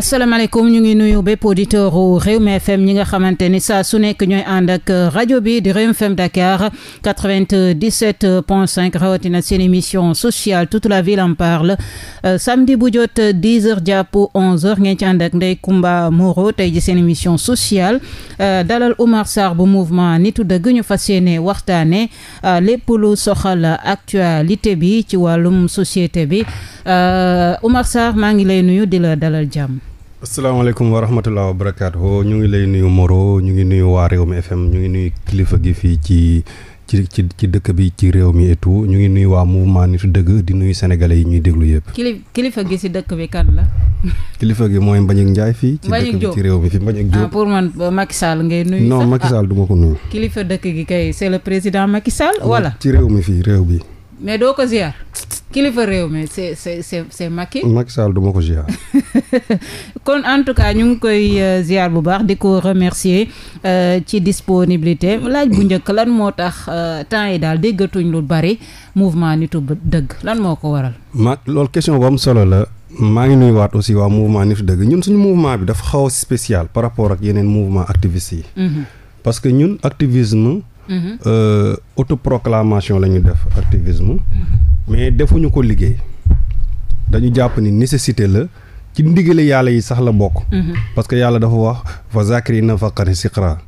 asalaamaaleykum ñu ngi nuyu bépp auditeur u Rewmi FM ñi nga xamante ni saa su nekk ñooy ànd ak rajo bi di Rewmi FM Dakar 97 point 5 rawatina seen émission sociale toute la ville en parle euh, samedi bu jot 10 heures jàpp 11 heures ngeen ci ànd ak Ndeye Comba Moreau tey ji seen émission sociale euh, dalal Oumar Sarr bu mouvement nitu dëgg ñu fas yéene waxtaane euh, lépp lu soxal actualité bi ci wàllum société bi Oumar Sarr maa ngi lay nuyu di la dalal jàmm asalaamaaleykum wa rahmatulah wa ñu ngi lay nuyu Moro ñu ngi nuyu waa réew mi FM ñu ngi nuyu kilifa gi fii ci ci ci ci dëkk bi ci réew mi et ñu ngi nuyu waa mouvement nitu dëgg di nuyu senegale yi ñuy déglu yëpp. kilifa gi si dëkk bi kan la. kilifa gi mooy Mbagnick Ndiaye fii. ci dëkk bi ci réew mi fi Mbagnick Diop ah pour man euh, Macky Sall ngay nuyu. non Macky ah. Sall ma ko nuyu. kilifa dëkk gi kay c'est le président Macky Sall. wala ci réew mi fii réew bi. mais doo ko ziar kilifa réew mi c'est c'est c'est c'est Macky. Macky ko ziar. kon en tout cas ñu ngi koy euh, ziar bu baax di ko remercier euh, ci disponibilité laaj bu njëkk lan moo tax euh, temps yi daal déggatuñ lu bari mouvement nitu dëgg lan moo ko waral. ma loolu question bu am solo la maa ngi nuyuwaat aussi waa mouvement nitu dëgg ñun suñu mouvement bi dafa xaw spécial par rapport ak yeneen mouvement activistes yi. Mhm. parce que ñun activisme. Mm-hmm. Euh, autoproclamation la ñu def activisme. Mm-hmm. mais defuñu ko liggéey dañu jàpp ni nécessité la ci ndigale yàlla yi sax la bokk. Mm-hmm. parce que yàlla dafa wax fa zakri na fa qari siqra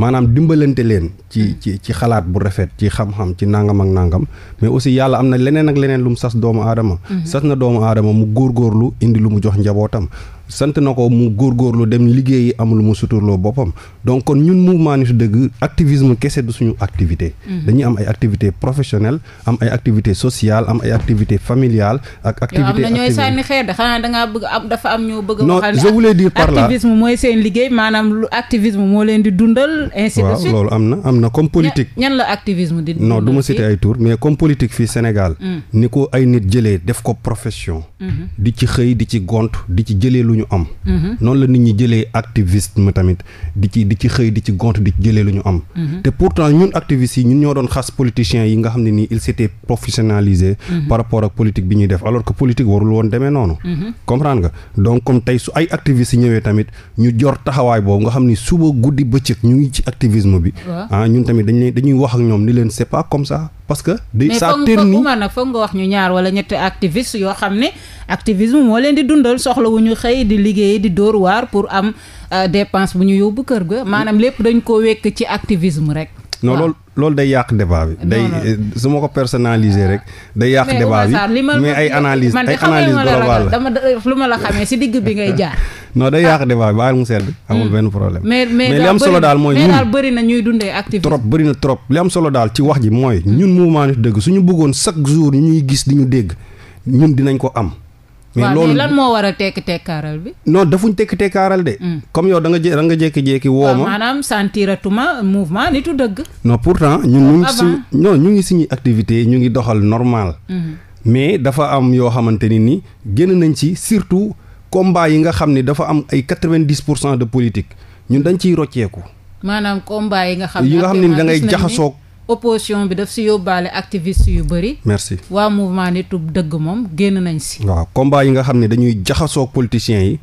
maanaam dimbalante leen ci ci ci xalaat bu rafet ci xam-xam ci nangam ak nangam mais aussi yàlla am na leneen ak leneen lum sas doomu aadama. sas na doomu aadama mu góor góorgóorlu indi lu mu jox njabootam. sant na ko mu góorgóorlu dem liggéeyi am lu mu suturloo boppam donc kon ñun mouvement nitu dëgg activisme kese du suñu activité mhm. dañuy am ay activité professionnelle am ay activité sociale am ay activité familiale ak na ñooy sànni xeer de xanaa dangaa bëgg am dafa am ñoo bëgg non je voulais dire mooy seen liggéey maanaam lu activisme moo leen di dundal ainsi de suite loolu am na am na comme politique ñan la activisme di non du ay tour mais comme politique fii Sénégal mm. ni ko ay nit jëlee def ko profession mm-hmm. di ci xëy di ci gont di ci jëlee lu ñu am. Mhm. noonu la nit ñi jëlee activisme tamit di ci di ci xëy di ci gont di jëlee lu ñu am. Mhm. te pourtant ñun activistes yi ñun ñoo doon xas politiciens yi nga xam ne nii ils s'étaient professionnalisés. Mhm. par rapport ak politique bi ñuy def alors que politique warul woon demee noonu. comprendre nga donc comme tey su ay activistes yi ñëwee tamit ñu jor taxawaay boobu nga xam ni suba guddi bëccëg ñu ngi ci activisme bi. Ah, ñun tamit dañuy wax ak ñoom ni leen c'est comme ça. parce que. day ça ternit mais nag foog nga wax ñu ñaar wala ñetti activiste yoo xam ne activisme moo leen di dundal soxlawuñu xëy di liggéey di dóor waar pour am euh, dépense bu ñu yóbbu kër ga maanaam lépp dañ ko wekk ci activisme rek. non loolu loolu day yàq débat bi. day eh, su ma ko personnaliser rek. day yàq débat bi mais ay analyse ay analyse globale la dama lu ma la xamee si digg bi ngay jaar. non day yàq ah. débat bi baal mu sedd amul mm. benn problème. mais mais li am solo daal mooy. mais daal bëri na ñuy dundee activité. trop bëri na trop li am solo daal ci wax ji mooy. ñun mm. mouvement Nittu Dëgg suñu bëggoon chaque jour ñuy gis di ñu dégg ñun dinañ ko am. mais loolu lan moo war a tekk tekkaaral bi. non defuñ tekk tekkaaral de. Mm. comme yow da nga jé da nga jékki-jékki woo ma. maanaam sentiratuma mouvement nitu dëgg. non pourtant ñun ñu ngi suñu non ñu ngi suñuy activité ñu ngi doxal normal. Mm-hmm. mais dafa am yoo xamante ni ni génn nañ ci surtout combat yi nga xam ni dafa am ay quatre-vingt-dix pour cent de politique ñun dañ ciy rocceeku. maanaam combat yi nga xam ne da ngay jaxasoog opposition bi daf si yóbbaale activiste yu bëri. merci waa mouvement Nitub Dëgg moom génn nañ si. waaw combat yi nga xam ne dañuy jaxasoo ak yi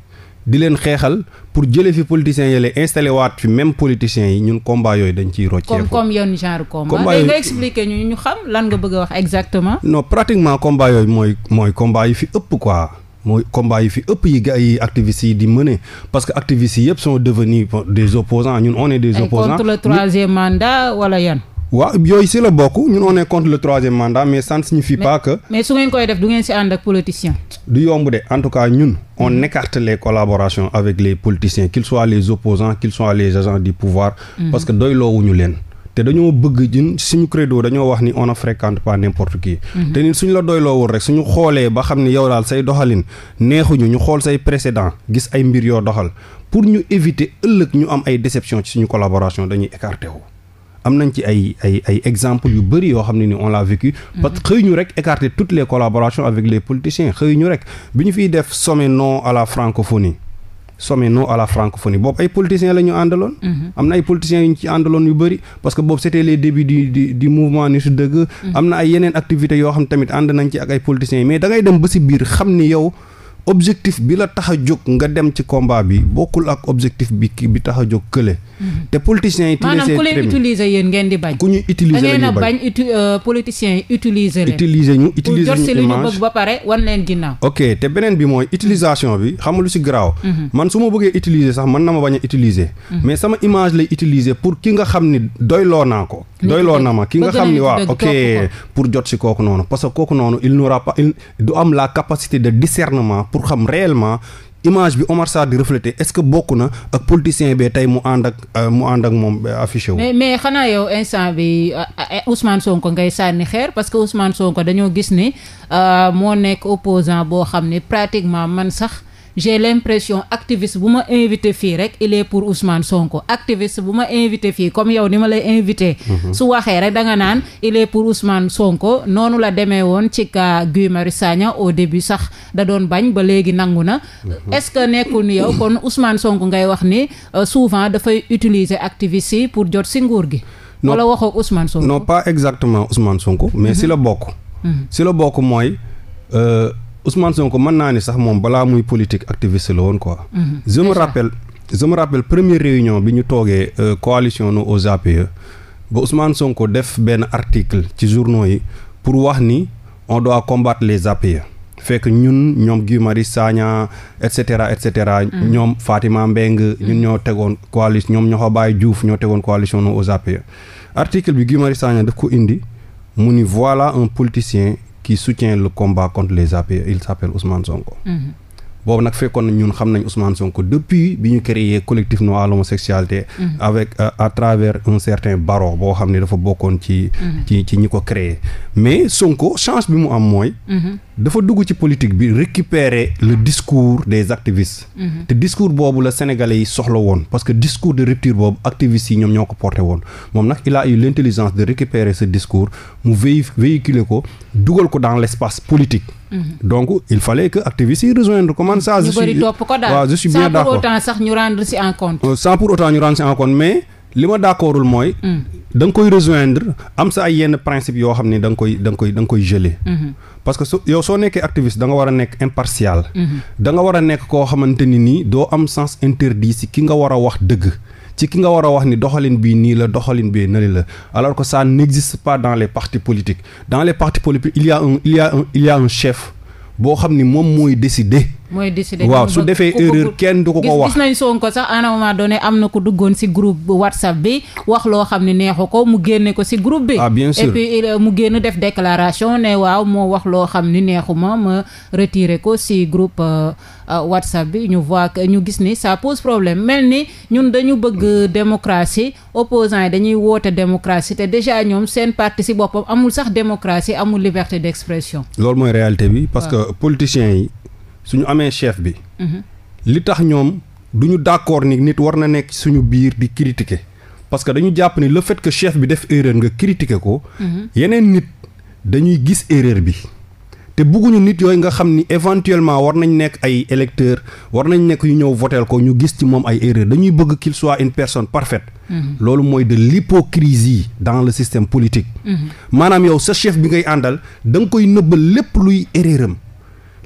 di leen xeexal pour jëlee fi politiciens yi la installé waat fi même politiciens yi ñun combat yooyu dañ ciy rocceeku. comme comme yenn genre combat. combat nga expliqué ñu lan nga bëgg wax exactement. non pratiquement combat yooyu mooy mooy combat yi fi ëpp quoi. mooy combat yi fi ëpp yi gars yi activistes yi di mener parce que activistes yi yëpp sont devenus des opposants ñun on est des opposants contre le troisième mandat wala yan waa yooyu si la bokk ñun on est contre le troisième mandat mais ça ne signifie pas que. mais su ngeen koy def du ngeen si ànd ak politicien. du yomb de en tout cas ñun on mm. écarte les collaborations avec les politiciens qu'ils soient les opposants qu'ils soient les agents du pouvoir. Mm-hmm. parce que doyloowuñu leen. te dañoo bëgg ñun suñu credo dañoo wax ni on ne fréquente pas n'importe qui. Mm-hmm. te nit suñu la doyloowul rek suñu xoolee ba xam ne yow daal say doxalin neexuñu ñu xool say précédent gis ay mbir yoo doxal pour ñu éviter ëllëg ñu am ay déception suñu collaboration dañuy écarté wu. am nañ ci ay ay ay yu bëri yoo xam ne ni on l'a vécu mhm. parce xëy ñu rek écarter toutes les collaborations avec les politiciens xëy ñu rek bi ñu fiy def sommet non à la francophonie sommet non à la francophonie boobu ay politiciens la àndaloon. Mhm. am na ay politiciens yu ñu ci àndaloon yu bëri parce boobu c'était les débuts du du du mouvement ni dëgg. Mhm. am na ay yeneen activités yoo xam tamit ànd nañ ci ak ay politiciens mais da ngay dem ba si objectif bi la tax a jóg nga dem ci combat bi bokkul ak objectif bi bi tax a jóg kële. Mhm. te politiciens yi. maanaam ku ngeen di bañ. ku ñu utiliser la ñuy bañ bañ euh, yi utiliser leen. ñu utiliser ñu image ba pare wan leen ginnaaw. ok te beneen bi mooy utilisation bi xam nga lu si garaaw. Mhm. man su ma bëggee utiliser sax man na ma bañ a utiliser. Mhm. mais sama image lay utiliser pour ki nga xam ni doyloo naa ko. doyloo na ma ki nga xam ni waaw ok pour jot si kooku noonu parce que kooku noonu du am la capacité de discernement. pour xam réellement image bi Omar Sarr di refléter est-ce que bokk na ak politicien bi tey mu ànd ak euh, mu ànd ak moom euh, affiché wu. mais mais xanaa yow instant bi euh, Ousmane Sonko ngay sànni xeer parce que Ousmane Sonko dañoo gis ni moo nekk opposant boo xam ne pratiquement man sax. j'ai l'impression activiste bu ma invité fii rek il pour Ousmane Sonko activiste bu ma invité fii comme yow ni ma lay invité mhm. su waxee rek danga naan il pour Ousmane Sonko noonu la demee woon ci cas Guy Marius Sagna au début sax da doon bañ ba léegi nangu na mhm. est-ce que nekkul ni yow kon Ousmane Sonko ngay wax ni euh, souvent dafay utiliser activiste yi pour jot si nguur gi la waxoo Ousmane Sonko non pas exactement Ousmane Sonko mais mhm. si la bokk si la bokk mooy euh, Ousmane Sonko man naa ni sax moom balaa muy politique activiste la woon ko mhm. je me rappelle je me première réunion bi ñu toogee euh, coalition nous aux APE ba Ousmane Sonko def benn article ci journaux yi pour wax ni on doit combattre les APE. fekk ñun ñoom Guy Marius Sagna et cetera et cetera. Mhm. ñoom Fatima Mbeng ñun ñoo tegoon coalition ñoom ñoo ko bàyyi Diouf ñoo tegoon coalition nous e. article bi Guy Marius Sagna daf ko indi mu ni voilà un politicien qui soutient le combat contre les APR il s'appelle Ousmane Sonko. Mm -hmm. boobu nag fekkoon na ñun xam nañ Ousmane Sonko depuis bi ñu créé collectif non à l'homosexualité mhm. avec euh, à travers un certain Baro boo xam ne dafa bokkoon ci mhm. ci ci ñi ko créé mais Sonko chance bi mu am mooy mhm. dafa dugg ci politique bi récupérer le discours des activistes te discours boobu la sénégalais yi soxla woon parce que discours de rupture boobu activistes yi ñoom ñoo ko porté woon moom nag il a eu l'intelligence de récupérer ce discours mu véhiculer ko dugal ko dans l'espace politique Mm-hmm. donc il fallait que activistes yi rejoindre comment ça. je suis waaw je suis bien d' en compte. Euh, sans pour autant ma d' mooy. Mm. da nga koy rejoindre am sa ay yenn principe yoo xam ni da nga koy da koy da nga koy gelé. Mm-hmm. parce que su yow soo nekkee activiste da nga war a nekk impartial. Mm-hmm. da nga war a nekk koo xamante ni nii doo am sens interdit si ki nga war a wax dëgg. ci ki nga war a wax ni doxalin bii nii la doxalin bi nali la alors que ça n'existe pas dans les parti politiques dans les parti politiques il y a un il y chef boo xam ni moom mooy décider mooy décider waaw su defee erreur kenn du ko ko wax gis nañ Sonko sax à un moment donné am na ko duggoon si groupe WhatsApp bi wax loo xam ne neexu ko mu génne ko si groupe bi. ah bien euh, mu génn def déclaration ne waaw moo wax loo xam ni neexu ma ma retiré ko si groupe euh, euh, WhatsApp bi ñu voit que ñu gis ni ça pose problème mel ni ñun dañu bëgg démocratie opposants yi dañuy woote démocratie te déjà ñoom seen parti si boppam amul sax démocratie amul liberté d'expression. loolu mooy réalité bi parce que politiciens yi. su ñu amee chef bi. Mhm. li tax ñoom duñu ñu d'accord ni nit war na nekk suñu biir di critiquer parce que dañu jàpp ni le fait que chef bi def erreur nga critiquer ko. Mhm. yeneen nit dañuy gis erreur bi. te bëgguñu nit yooyu nga xam ni éventuellement war nañ nekk ay électeurs war nañ nekk yu ñëw votel ko ñu gis ci moom ay erreur dañuy bëgg qu'il soit une personne parfaite mhm. loolu mooy de l'hypocrisie dans le système politique maanaam yow sa chef bi ngay àndal da nga koy nëbbal lépp luy erreur am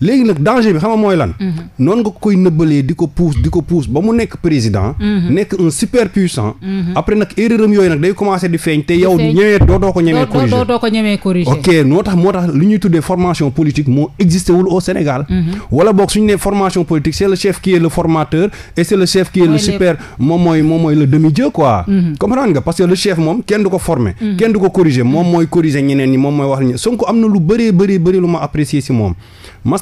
léegi nag danger bi xam nga mooy lan. Mhm. noonu nga koy nëbbalee di ko pousse di ko pousse ba mu nekk président. Mhm. nekk un super puissant. Mhm. après nag erreur yooyu nag day commencé di feeñ te yow ñëwee doo doo ko ñemee. corriger doo doo ko ñemee corriger. ok moo tax moo tax li ñuy tuddee formation politique moo existé wul au Sénégal. wala boog suñu nee formation politique c' est chef qui est le et c' est chef qui est le moom mooy moom mooy le demi ko former. kenn du ko corriger moom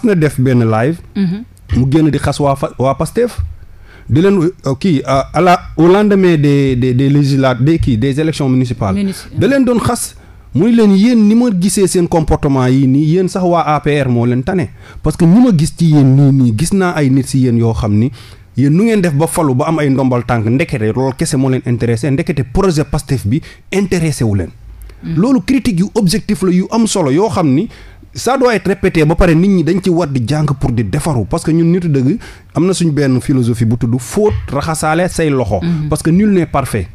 na def benn live. Mhm. mu génn di xas waa fa waa Pastef. di leen euh, kii euh, la au lendemain des des des législatives kii des élections municipales. da leen doon xas. muy leen yéen ni ma gisee seen comportement yi nii yéen sax waa APR moo leen tane parce que ñi ma gis ci yéen nii nii gis naa ay nit si yéen yoo xam ni yéen nu ngeen def ba falu ba am ay ndombal tànk ndekete loolu kese moo leen intéressé ndekete projet Pastef bi intéressé wu leen. Mm. loolu critique yu objectif la yu am solo yoo xam ni ça doit être répété ba pare nit ñi dañ ci war di jàng pour di defaru parce que ñun nitu dëgg am na suñu benn philosophie bu tudd fóot raxasaale say loxo. Mhm. parce que nul n'est parfait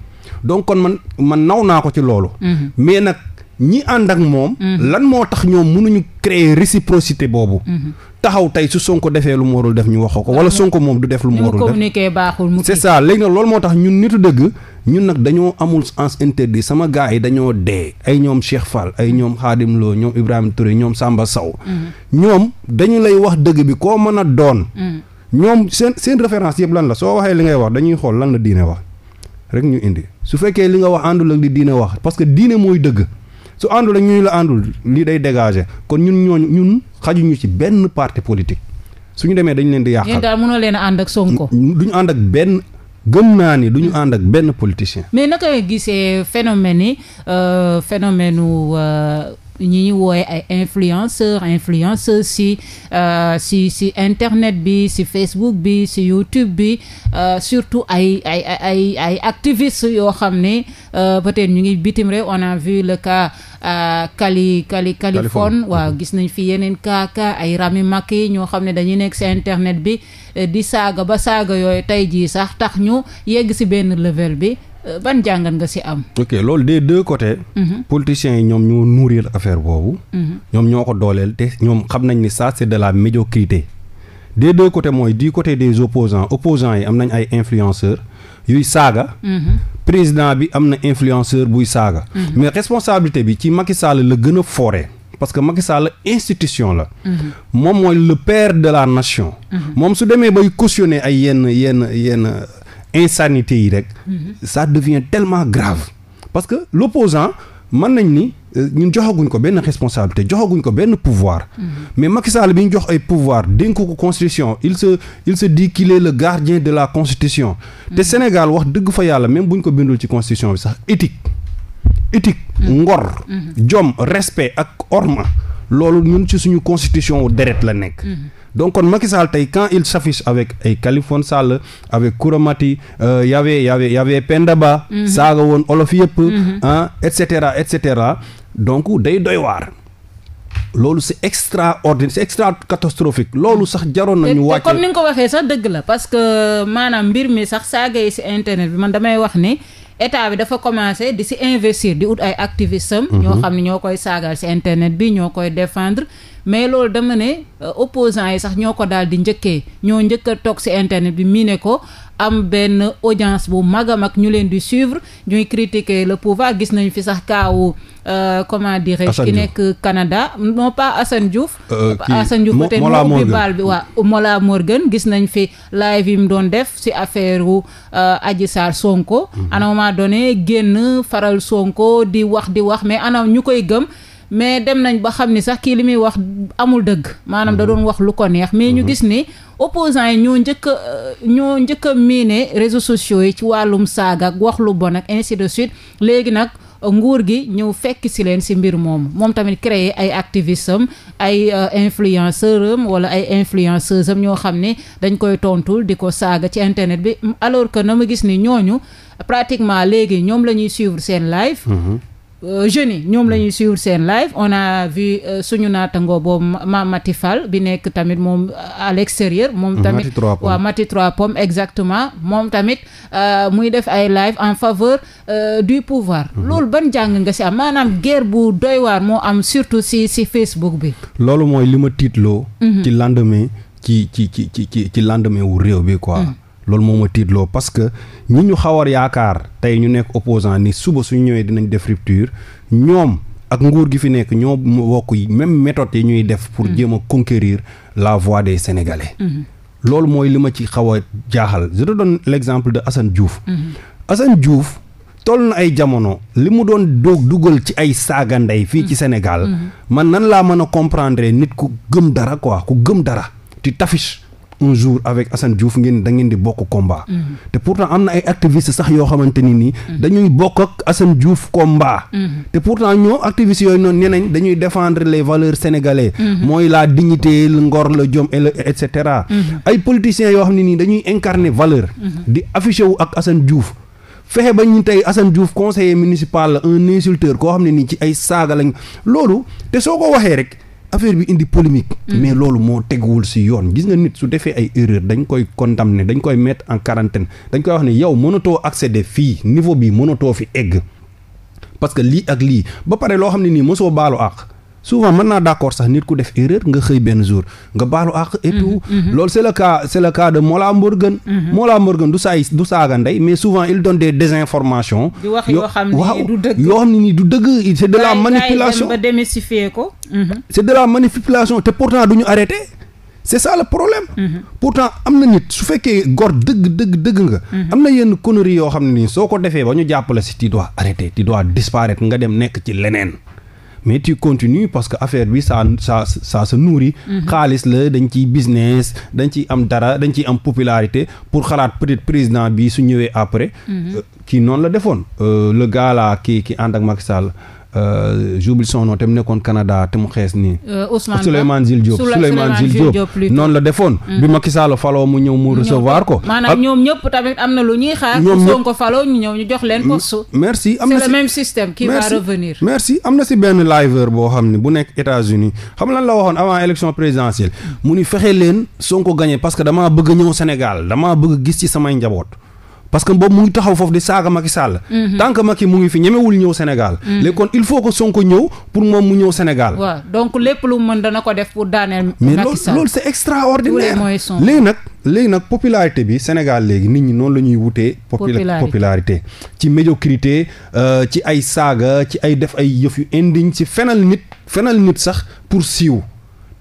donc kon man man naw naa ko ci loolu. Mhm. mais nag ñi ànd ak moom. Mhm. lan moo tax ñoom mënuñu créer réciprocité boobu. Mhm. taxaw tey su Sonko defee lu mu warul def ñu waxoo ko wala mhm. Sonko moom du def lu mu warul def mu communiqué baaxul mu c'est ça léegi nag loolu moo tax ñu nitu dëgg ñun nag dañoo amul sens interdit sama gaa yi dañoo dee ay ñoom Cheikh Fall ay ñoom Khadim Lo ñoom Ibrahima Touré ñoom sàmba Sow ñoom dañu lay wax dëgg bi koo mën a doon. ñoom seen seen référence yëpp lan la soo waxee li ngay wax dañuy xool lan la diine wax rek ñu indi su fekkee li nga wax àndul ak li diine wax parce que diine mooy dëgg. su àndul ak ñu la àndul lii day dégager kon ñun ñooñu ñun xajuñu ci benn parti politique suñu demee dañu leen di yàqal. yéen daal mënoo leen ànd ak Sonko. duñu ànd ak benn. gëm naa ni du ñu ànd ak benn politicien. mais naka gisee phénomène yi euh, phénomène euh, ñi ñu wooye ay influenceur influenceuse si euh, si si internet bi si Facebook bi si YouTube bi euh, surtout ay ay ay ay yoo xam ne euh, peut-être ñu ngi bitim réew on a vu le cas Kali Kali Californie waa gis nañ fi yeneen cas cas ay Rami yi ñoo xam ne dañuy nekk si internet bi di saaga ba saaga yooyu tey jii sax tax ñu yegg si benn level bi Euh, ban jàngat nga si am. ok loolu des deux côtés. Mm-hmm. politiciens yi ñoom ñoo nourrir affaire boobu. Mm-hmm. ñoom ñoo ko dooleel te ñoom xam nañ ni ça de la médiocrité. des deux côtés mooy di côté des opposants opposants yi am nañ ay influenceurs yuy saaga. Mm-hmm. président bi am na influenceur buy saaga. mais responsabilité bi ci Macky Sall la gën a fooree. parce que Macky Sall institution la. moom mooy le père de la nation. moom su demee bay cautionner ay yenn yenn yenn. insanité yi rek mhm. ça devient tellement grave parce que l'opposant mën nañ ni euh, ñun joxaguñ ko benn responsabilité joxaguñ ko benn pouvoir mhm. mais Macky Sall bi ñu jox ay pouvoir dénk ko constitution il se il se dit qu'il est le gardien de la constitution te mhm. Sénégal wax dëgg fa yàlla même buñ ko bindul ci constitution bi sax éthique éthique ngor jom respect ak orma loolu ñun ci suñu constitution deret la nekk donc kon Macky Sall tey quand il s'affiche avec ay Khaliphone Sall avec Kouramati euh, y avait y avait y mhm. saaga woon olof yëpp ah et cetera et cetera donc day doy waar loolu c'est extraordinaire c'est extra catastrophique loolu sax jaroon nañu wàcce comme ni nga ko waxee sax dëgg la parce que maanaam mbir mi sax saaga yi si internet bi man damay wax ni état bi dafa commencé di si investir di ut ay activisme mhm. ñoo xam ne ñoo koy saagaal si internet bi ñoo koy defendre mais loolu dama ne euh, opposants yi sax ñoo ko daal di njëkkee ñoo njëkk a toog ci internet bi ne ko am benn audience bu mag a mag ñu leen di suivre ñuy critiquer la pouvoir gis nañu fi sax kaawu euh, comment dirais-je ki nekk Canada non pas Assane Diouf euh, Assane Diouf peut-être moo ubbi baal Mola Morgan gis nañ fi live yi mu doon def ci affaire wu Adji Sarr Sonko mhm. à un moment génn faral Sonko di wax di wax mais ana ñu koy gëm mais dem nañ ba xam ni sax kii li muy wax amul dëgg maanaam da mhm. doon wax lu ko neex mais ñu mhm. gis ni opposants yi ñoo njëkk a euh, ñoo njëkk a miine réseaux sociaux yi ci wàllum saaga ak wax lu bon ak ainsi de suite léegi nag euh, nguur gi ñëw fekk si leen si mbir moom moom tamit créer ay activistes ay euh, influenceurs am wala ay influenceuses am ñoo xam ne dañ koy tontul di ko saaga ci internet bi alors que na ma gis ni ñooñu pratiquement léegi ñoom la ñuy suivre seen live. Mhm. Euh, jeunes yi ñoom la ñuy suivre seen live on a vu euh, suñu naatango boobu ma Mati fal bi nekk tamit moom euh, à l'extérieur moom tamit waaw Mati Trois Pommes exactement moom tamit muy def ay live en faveur du pouvoir mhm. loolu ban jàng nga si am maanaam guerre bu doy moo am surtout si si Facebook bi loolu mooy li ma tiitloo mhm. ci lendemain ci ci ci ci ci lendemain wu réew bi quoi mhm. loolu moo ma tiitloo parce que ñi ñu xawar yaakaar tey ñu nekk opposant ni suba suñu ñëwee dinañ def rupture ñoom ak nguur gi fi nekk ñoo wokk même méthode yi ñuy def pour mm. jéem a conquérir la voix des sénégalais mm-hmm. loolu mooy li ma ci xaw a jaaxal je doon donne l'exemple de Assane Diouf mm-hmm. Assane Diouf toll na ay jamono li mu doon doog dugal ci ay saaga ndey fii mm. ci Sénégal mm-hmm. man nan laa mën a comprendre nit ku gëm dara quoi ku gëm dara ti tafish un jour avec Assane Diouf ngeen da ngeen di bokk combat. Mm-hmm. te pourtant am na ay activistes sax yoo xamante ni nii. Mm-hmm. dañuy bokk ak Assane Diouf combat. Mm-hmm. te pourtant ñoo activistes yooyu noonu nee nañ dañuy défendre les valeurs sénégalais. mooy la dignité le ngor le jom et cetera. ay politiciens yoo xam ne nii dañuy incarner valeur. di affiché ak Assane Diouf. fexe ba ñu tey Assane Diouf conseiller municipal un insulteur koo xam ne nii ci ay saaga lañ loolu te soo ko waxee rek. affaire bi indi polémique. Mm. mais loolu moo teguwul ci yoon gis nga nit su defee ay erreur dañ koy condamner dañ koy mettre en quarantaine dañ koy wax ne yow mënatoo de fii niveau bi mënatoo fi egg parce que lii ak lii ba pare loo xam ne nii mosoo baalu àq. souvent mën naa d' accord sax nit ku def erreur nga xëy benn jour nga baalu àq et mhm, tout mhm. loolu c' est le cas c' est le cas de Mola Morgan mhm. Mola Morgan du saay du saaga ndey mais souvent il donne des désinformations yoo xam ne ni du dëgg c' est de la manipulation te pourtant du ñu arrêté c' ça le problème pourtant am na nit su fekkee gor dëgg dëgg dëgg nga am na yenn conneries yoo xam ne nii soo ko defee ba ñu jàppale si tu dois arrêter tu dois disparaître nga dem nekk ci leneen mais tu parce que affaire bi ça ça ça se nourrit mhm. xaalis la dañ ciy business dañ ciy am dara dañ ciy am popularité pour xalaat peut-être président bi su ñëwee après mhm. euh, kii noonu la defoon euh, le gars là kii ki ànd ak Macky Sall Euh, j'oublie son nom te mu nekkoon Canada te mu xees nii. Euh, Ousmane Souleymane Jules Diop Souleymane Jules Diop noonu la defoon. Mm-hmm. bi Macky Sall faloo mu ñëw mu recevoir ko. maanaam ñoom ñëpp tamit am na lu ñuy xaar. ñoom ko faloo ñu ñëw ñu jox leen poste. merci am na c'est le même système am na si benn liveur boo xam ne bu nekk États-Unis xam lan la waxoon avant élection présidentielle mu ni fexe leen Sonko gagné parce que damaa bëgg ñëw Sénégal damaa bëgg gis ci samay njaboot. parce que boobu mu ngi taxaw foofu di saaga Macky Sall. Mhm. tant ma Macky mu ngi fi ñemewul ñëw Sénégal. Mhm. léegi kon il faut que Sonko ñëw pour moom mu ñëw Sénégal. waaw donc lépp lu dana ko def pour daaneel. Macky Sall mais loolu c'est extraordinaire. léegi nag léegi nag popularité bi Sénégal léegi nit ñi noonu la ñuy wutee. popularité ci médiocrité euh, ci ay saaga ci ay def ay yëf yu indigne ci fenal nit fenal nit sax pour siiw.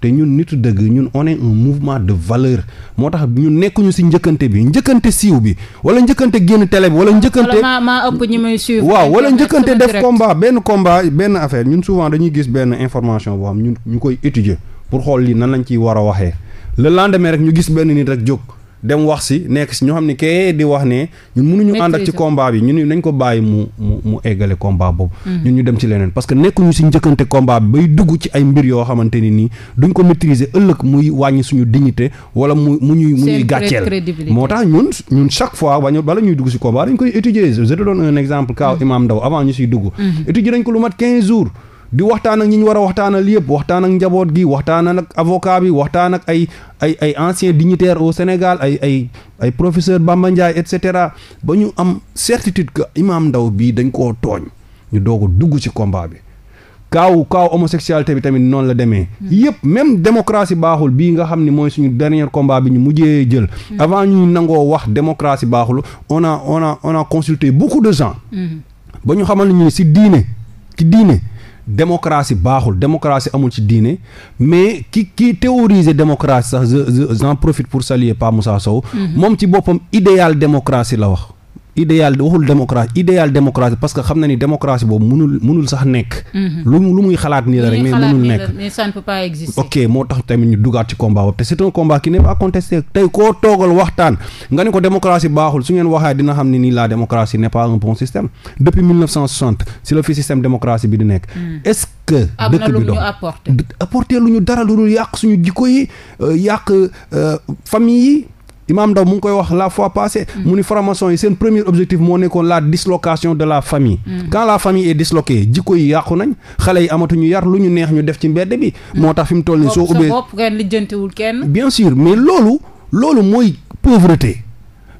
te ñun nitu dëgg ñun on est un mouvement de valeur moo tax ñun nekkuñu ci njëkkante bi njëkkante siiw bi wala njëkkante génn télé bi wala njëkkante maa ëpp ñi may waaw wala njëkkante def combat benn combat benn affaire ñun souvent dañuy gis benn information boo xam ñun ñu koy étudier pour xool lii nan lañ ci war a waxee le lendemain rek ñu gis benn nit rek jóg dem wax si nekk si ñoo xam ne kee di wax ne ñun mënuñu ànd ci combat bi ñun nañ ko bàyyi mu mu mu eggale combat boobu mm-hmm. ñun ñu dem ci leneen parce que nekkuñu si njëkkante combat bi bay dugg ci ay mbir yoo xamante ni nii duñ ko maîtriser ëllëg muy wàññi suñu dignité wala mu mu ñuy mu moo tax ñun ñun chaque fois wañu bala ñuy dugg si combat dañ koy étudier je te donne exemple cas mm-hmm. Imam Ndaw avant ñu siy dugg mm-hmm. étudier dañ ko lu mat quinze jours di waxtaan ak ñi ñu war a waxtaanal yëpp waxtaan ak njaboot gi waxtaan ak avocat bi waxtaan ak ay ay ay anciens dignitaires au Sénégal ay ay ay professeur Bamba Ndiaye et cetera ba ñu am certitude que Imam Ndao bii dañ koo tooñ ñu doo a dugg ci combat bi kaaw kaaw homosexualité bi tamit noonu la demee hmm. yëpp même démocratie baaxul bii nga xam ni mooy suñu dernier combat bi ñu mujjee jël hmm. avant ñu nangoo wax démocratie baaxul on a on a on a consulté beaucoup de gens hmm. ba ñu xamal démocratie baaxul démocratie amul ci diine mais ki kii théoriser démocratie sax j'en profite pour saluer Pa Moussa Sow mm-hmm. moom ci boppam idéal démocratie la wax idéal waxul démocratie idéal démocratie parce que xam na ni démocratie boobu mënul mënul sax nekk. Mhm. lu muy xalaat nii la rek. mais mënul nekk ok moo tax tamit ñu dugaat ci combat boobu te c'est un combat qui n'est pas contesté tey koo toogal waxtaan nga ne ko démocratie baaxul su ngeen waxee dina xam ne nii la démocratie n'est pas un bon système depuis si la fi système démocratie bi di nekk. Hmm. est dëkk bi doon apporter lu ñu dara lu dul yàq suñu jikko yi. Euh, euh, Imam Ndaw mu ngi koy wax la fois passée. Mm. mu ni franc-maçon yi seen premier objectif moo nekkoon la dislocation de la famille. Mm. quand la famille est disloquée jikko yi yàqu nañ xale yi amatuñu yar lu ñu neex ñu def ci mbedd bi. Mm. moo tax fi mu toll nii soo ubbee bopp kenn lijjantiwul kenn. bien sûr mais loolu loolu mooy pauvreté.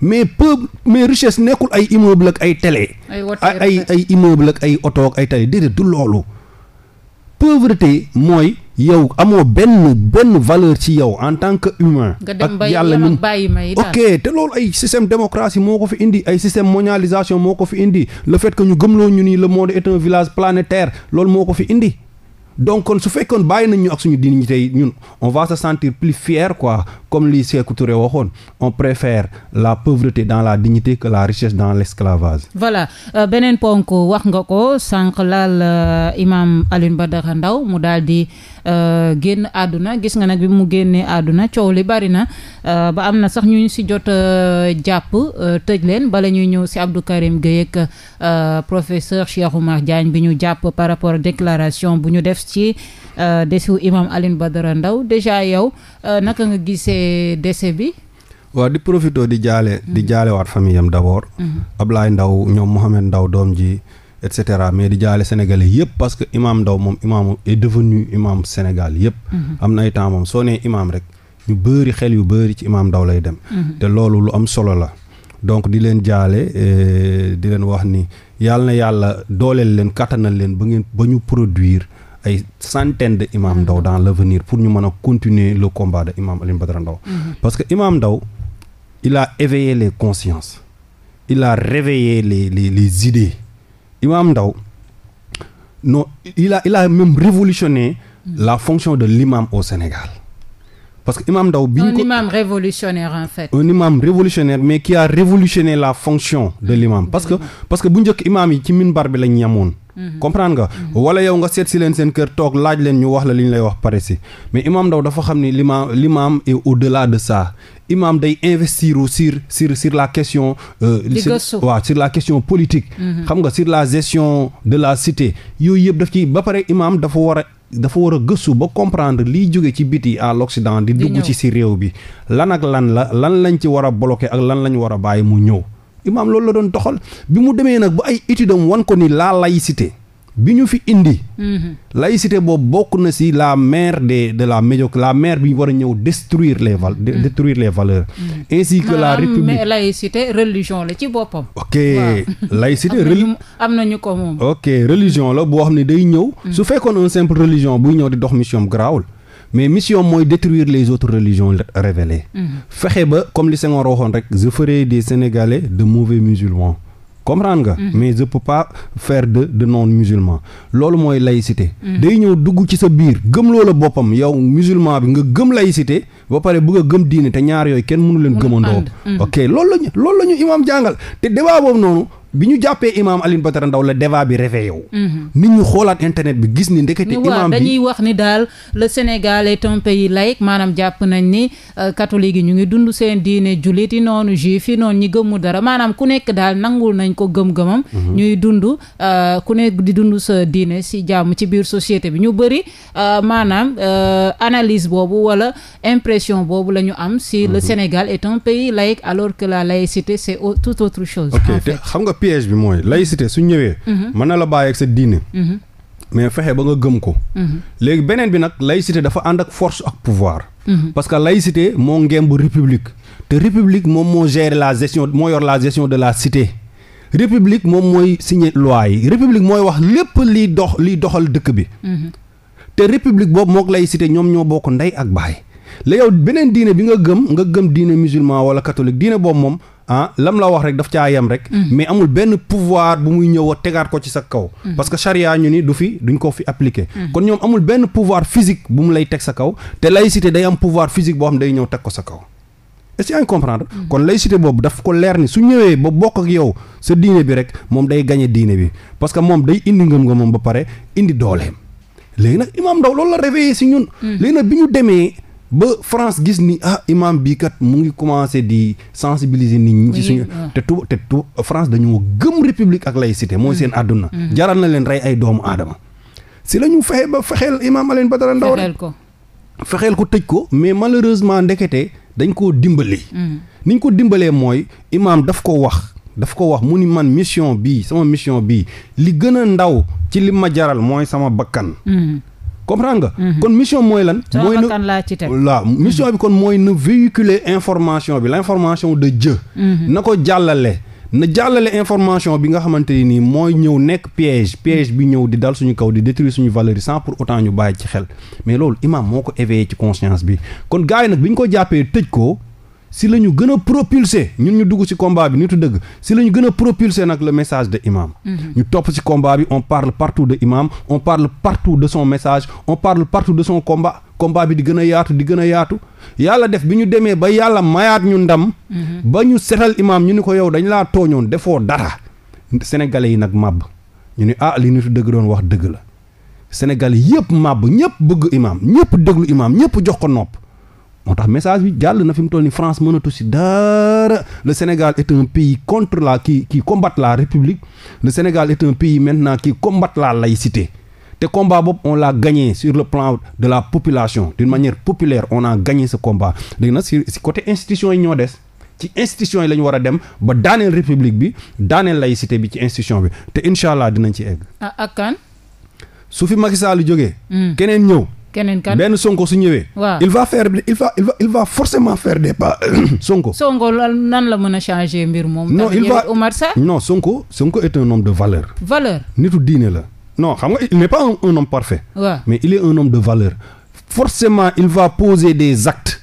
mais peu mais richesse nekkul ay immeuble ak ay tele ay ay immeuble ak ay oto ak ay télé déedéet du loolu pauvreté mooy yow amoo benn benn valeur ci yow en tant que humain. ak yàlla ñun ok te loolu ay système démocratie moo ko fi indi ay système mondialisation moo ko fi indi le fait que ñu gëmloo ñu ni le monde est un village planétaire loolu moo ko fi indi. donc su fekkoon bàyyi nañ ñu ak suñu dignité yi ñun on va se sentir plus fier quoi comme li Sékou Touré waxoon on préfère la pauvreté dans la dignité que la richesse dans l'esclavage voilà euh, beneen ponk wax nga ko sànq laal euh, Imam Alioune Euh, génn àdduna gis nga nag bi mu génnee àdduna coow li bari na euh, ba am na sax ñu si jot euh, jàpp tëj leen bala ñuy ñëw si Abdou Karim Gueye ak professeur Cheikh Oumar Diagne bi ñu jàpp par rapport déclaration bu ñu def ci désu imam Alioune Badara ndaw déjà yow naka nga gisee décès bi. waa di profito di jaale. di jaale waat famille am d'abord. Mm-hmm. Ablaye Ndao ñoom Mohamed Ndao doom ji. et cetera mais di jaale sénégalais yëpp parce que imam Ndao moom imam est devenu imam Sénégal yëpp. Mhm. am na ay temps moom soo nee imam rek ñu bëri xel yu bëri ci imaam Ndao lay dem. Mhm. te loolu lu am solo la. donc di leen jaale eh, di leen wax ni yàlla na yàlla dooleel leen kattanal leen ba ngeen ba ñu produire. ay centaine de imam Ndao mhm. dans l'avenir pour ñu mën a continuer lu combat de imam Alioune Badara ndaw parce que imam Ndao il a les consciences il a réveillé Imam Ndao non il a il révolutionné la fonction de l'imam au Sénégal parce que Imam Ndao bi ñu ko un imam révolutionnaire en fait. un imam révolutionnaire mais qui a révolutionné la fonction de mm-hmm. l'imam parce que mm-hmm. parce que bu njëkk imam yi ci minbar bi lañ ñamoon. Mm-hmm. comprendre nga. wala yow nga seet si leen seen kër toog laaj leen ñu wax la li ñu lay wax pare si mais Imam Ndao dafa xam ni l'imam l'imam au-delà de ça imaam day investir sir sur sur la question. Euh, di gëstu waaw sur la question politique. Mhm. xam nga sur la gestion de la cité yooyu yëpp daf ci ba pare imaam dafa war a. dafa war a gëstu ba comprendre liy jóge ci biti à l'Occident di dugg ci si réew bi lan ak lan la lan lañ ci war a bloquer ak lan lañ war a bàyyi mu ñëw imaam loolu la doon doxal bi mu demee nag ba ay études am wan ko ni la laïcité bi ñu fi indi. Mm-hmm. laïcité boobu bokk na ci la mère des de la médiocrité la mère bi ñu war a ñëw détruire les val mm-hmm. détruire les valeurs. Mm-hmm. ainsi que la république laïcité religion la ci boppam. ok laïcité religion ko moom. ok la boo xam ne day ñëw. su fekkoon un simple religion buy ñëw di dox mission am garaawul mais mission mooy détruire les autres religions révélées. fexe ba comme li Senghor waxoon rek je ferai des de mauvais musulmans. comprendre nga. Mhm. mais je peux pas faire de de non musulman loolu mooy laïcité. Mhm. day ñëw dugg ci sa biir gëm loola boppam yow musulman bi nga gëm laïcité ba pare bëgg a gëm diine te ñaar yooyu kenn mënu leen. gëmandoo mhm. ok loolu la ñu loolu la ñu imaam jàngal te débat noonu. bi ñu jàppee imaam Alioune Badara Ndao la débat bi réveillé yow. Mhm. nit ñu xoolaat internet bi gis ni ndekete. imaam bi dañuy wax ni daal le Sénégal est un pays maanaam jàpp nañ ni euh, catholique yi ñu ngi dund seen diine jullit yi noonu juif yi noonu ñi gëmmu dara maanaam ku nekk daal nangul nañ ko gëm-gëmam. Mhm. ñuy dund euh, ku nekk di dund sa diine si jàmm ci biir société bi ñu bëri euh, maanaam analyse boobu wala impression boobu la ñu am si le mhm. Sénégal est un pays laïque alors que la laïcité c'est tout autre chose. en piège bi mooy laïcité su ñëwee. Mhm. mën na la bàyyi ak sa diine. Mhm. mais fexe ba nga gëm ko. Mhm. léegi beneen bi nag laïcité dafa ànd ak force ak pouvoir. parce que laïcité moo ngemb république. te république moom la gestion moo yor la gestion de la cité. république moom mooy signer loi yi république mooy wax lépp liy dox liy doxal dëkk bi. te république boobu mook laïcité ñoom ñoo bokk ndey ak baay. la yow beneen diine bi nga gëm nga gëm diine musulman wala catholique diine boobu moom ah lam la wax rek daf caa yem rek. Mm-hmm. mais amul benn pouvoir bu muy ñëw tegaat ko ci sa kaw. Mm-hmm. parce que charia ñu ni du fi duñ ko fi appliquer. Mm-hmm. kon ñoom amul benn pouvoir physique bu mu lay teg sa kaw te laïcité day am pouvoir physique boo xam day ñëw teg ko sa kaw. est-ce que yaa ngi comprendre kon laïcité boobu daf ko leer ni su ñëwee ba bokk ak yow sa diine bi rek moom day gañe diine bi parce que moom day indi ngëm-ngëmam ba pare indi dooleem léegi nag Imam Ndao loolu la réveillé si ñun. léegi nag bi ñu demee ba France gis ni ah imam bii kat mu ngi commencé di sensibiliser nit ñi. ci suñu te tu te tu France dañoo gëm république ak laïcité mooy mm. seen àdduna. Mm. jaral na leen rey ay doomu aadama. si la ñu fexe ba fexeel imam Alioune Badara Ndao rek fexeel ko tëj ko mais malheureusement ndekete dañ koo dimbali. Mm. niñ ko dimbalee mooy imam daf ko wax. daf ko wax mu ni man mission bii sama mission bii li gën a ndaw ci li ma jaral mooy sama bakkan. comprends nga. Mhm. kon mission mooy lan. mooy na laa ci teg mission bi kon mooy na véhiculer information bi l' information de Dieu. Mhm. na ko jàllale. na jàllale information bi nga xamante ni nii mooy ñëw nekk piège piège bi ñëw di dal suñu kaw di détruire suñu valeur yi sans pour ñu bàyyi ci xel mais loolu imam moo ko éveillé ci conscience bi kon gars yi nag bi ñu ko jàppee tëj ko. si la ñu gën a propulser ñun ñu dugg si combat bi nitu dëgg si la ñu gën a propulser nag la message de imaam mm-hmm. ñu topp si combat bi on parle partout de imam on parle partout de son message on parle partout de son combat combat bi di gën a yaatu di gën a yaatu yàlla def bi ñu demee ba yàlla mayaat ñu ndam mm-hmm. ba ñu setal imaam ñu ni ko yow dañ laa tooñoon defoo dara sénégalais yi nag màbb ñu ni ah li nitu dëgg doon wax dëgg la sénégalais yëpp màbb ñëpp bëgg imaa ñëpp déglu imam ñëpp jox ko nopp moo tax message bi jàll na fi mu toll ni France mënatu si dara le Sénégal est un contre la qui qui combat la République le Sénégal est un pays maintenant qui combat la laïcité te combat boobu on l'a gagné sur le plan de la population d'une manière populaire on a gagné sa combat léegi nag si si côté institution yi ñoo des ci institution yi la ñu war a dem ba daaneel république bi daaneel laïcité bi ci institution bi te incha allah dinañ ci egg. ah ak su fi Macky Sall jógee. Hmm. keneen keneen kan benn Sonko su ñëwee. waaw il va faire il va il va il va forcément pas euh, Sonko. Sonko nan la mën a changé mbir moom. non il va non Sonko Sonko est un homme de valeur. valeur nitu diine la. non xam nga il n'est pas un, un homme mais il est un de valeur. forcément il va poser des actes.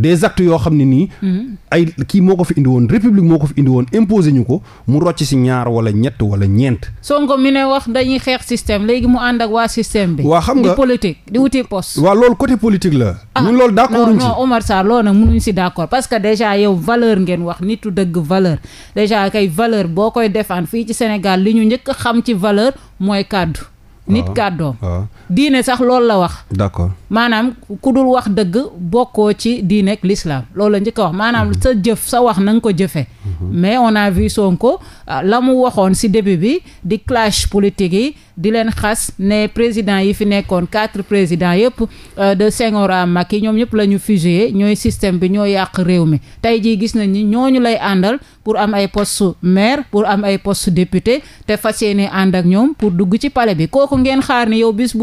des actes yoo xam ne nii. Mm-hmm. ay kii moo ko fi indi woon république moo ko fi indi woon imposé ñu ko mu rocc si ñaar wala ñett wala ñeent. Sonko mi ne wax dañuy xeex système léegi mu ànd ak waa système bi. waa xam nga di politique di wuti poste. lool loolu côté politique la. Ah, ñun loolu d' accord ñu ci non non si d' accord parce que déjà yow valeur ngeen wax nitu dëgg valeur déjà kay valeur boo koy defaan fii ci Sénégal li ñu njëkk xam ci valeur mooy kàddu. nit ah, kàddoom ah. diine sax loolu la wax. d' accord maanaam ku dul wax dëgg bokkoo ci diine ak l'islam loolu la njëkk a wax maanaam mhm. sa jëf sa wax nan ko jëfee mhm. mais on a vu Sonko ah, la mu waxoon si début bi di clash politique yi di leen xas ne président yi fi nekkoon quatre présidents yëpp euh, de Senghor à Macky ñoom ñëpp la ñu fusillé ñooy système bi ñoo yàq réew mi tey jii gis nañ ni ñooñu lay àndal pour am ay poste maire pour am ay post député te fas yéene ànd ak ñoom pour dugg ci pale bi kooku ngeen xaar ni yow bis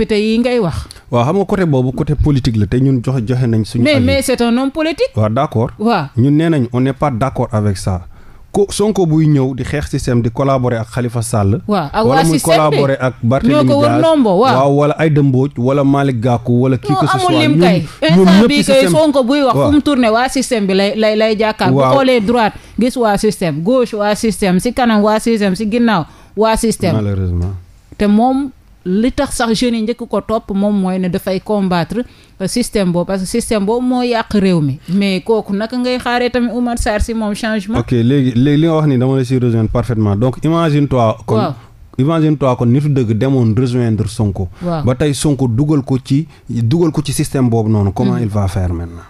coppite yi ngay wax. waaw xam boobu côté politique la te ñun joxe joxe nañ. suñu mais mais c'est un homme politique. waaw d'accord. nañ on n'est pas d'accord avec ça. ko Sonko buy ñëw di xeex système di collaborer ak Sall. waaw ak waa système bi wala muy collaborer ak Barthélémy Dias wala Aïda Mbodj wala Malick Gakou wala. kii que ce soit ñun Sonko buy wax fu mu waa système bi lay lay lay jàkkaar. waaw bu xoolee droite gis waa système gauche waa système si kanam waa système si ginnaaw waa système. malheureusement te moom. li tax sax jeunes yi njëkk ko topp moom mooy ne dafay combattre euh, système boobu parce que système boobu moo yàq réew mi mais kooku naka ngay xaaree tamit Oumar Sarr si moom changement. ok léegi léegi li nga wax ni dama la si rejoindre parfaitement donc imagine toi. kon wow. imagine dëgg demoon rejoindre Sonko. ba tey Sonko dugal ko ci dugal ko ci système boobu noonu. comment mm. il va faire maintenant.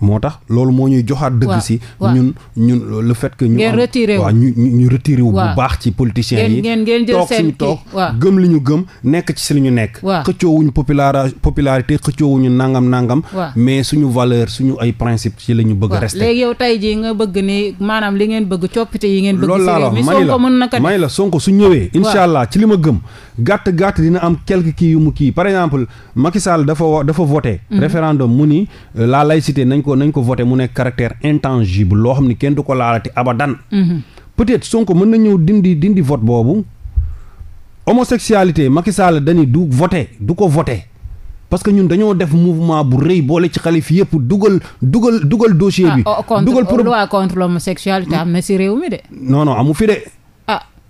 moo tax loolu moo ñuy joxaat dëgg si ñun ñun lu fait que ñu waaw ñu ñu retiré wu bu baax ci politiciens yi toog suñu toog gëm li ñu gëm nekk ci si lu ñu nekk xëccoowuñu popular popularité xëccoowuñu nangam nangam mais suñu valeur suñu ay principe ci la ñu bëgg a léegi yow tey jii nga bëgg ni maanaam li ngeen bëgg coppite yi ngeen bëgg loolu laa la may la mën naka la Sonko su ñëwee incha allah ci li ma gëm gàtt gàtt dina am quelque kii yu mu kii par exemple Macky Sall dafa dafa voté mm-hmm. référendum mu ni euh, la laïcité nañ ko nañ ko voté mu nekk caractère intangible loo xam ne kenn du ko laalati abadan mhm. peut-être Sonko mën na ñëw dindi dindi vote boobu homosexualité Macky Sall du voté du ko voté parce que ñun dañoo def mouvement bu rëy boole ci xalif yëpp dugal dugal dugal dossier bi. Ah, oh, dugal pour loi contre l'homosexualité am na réew mi de. non amu fi de.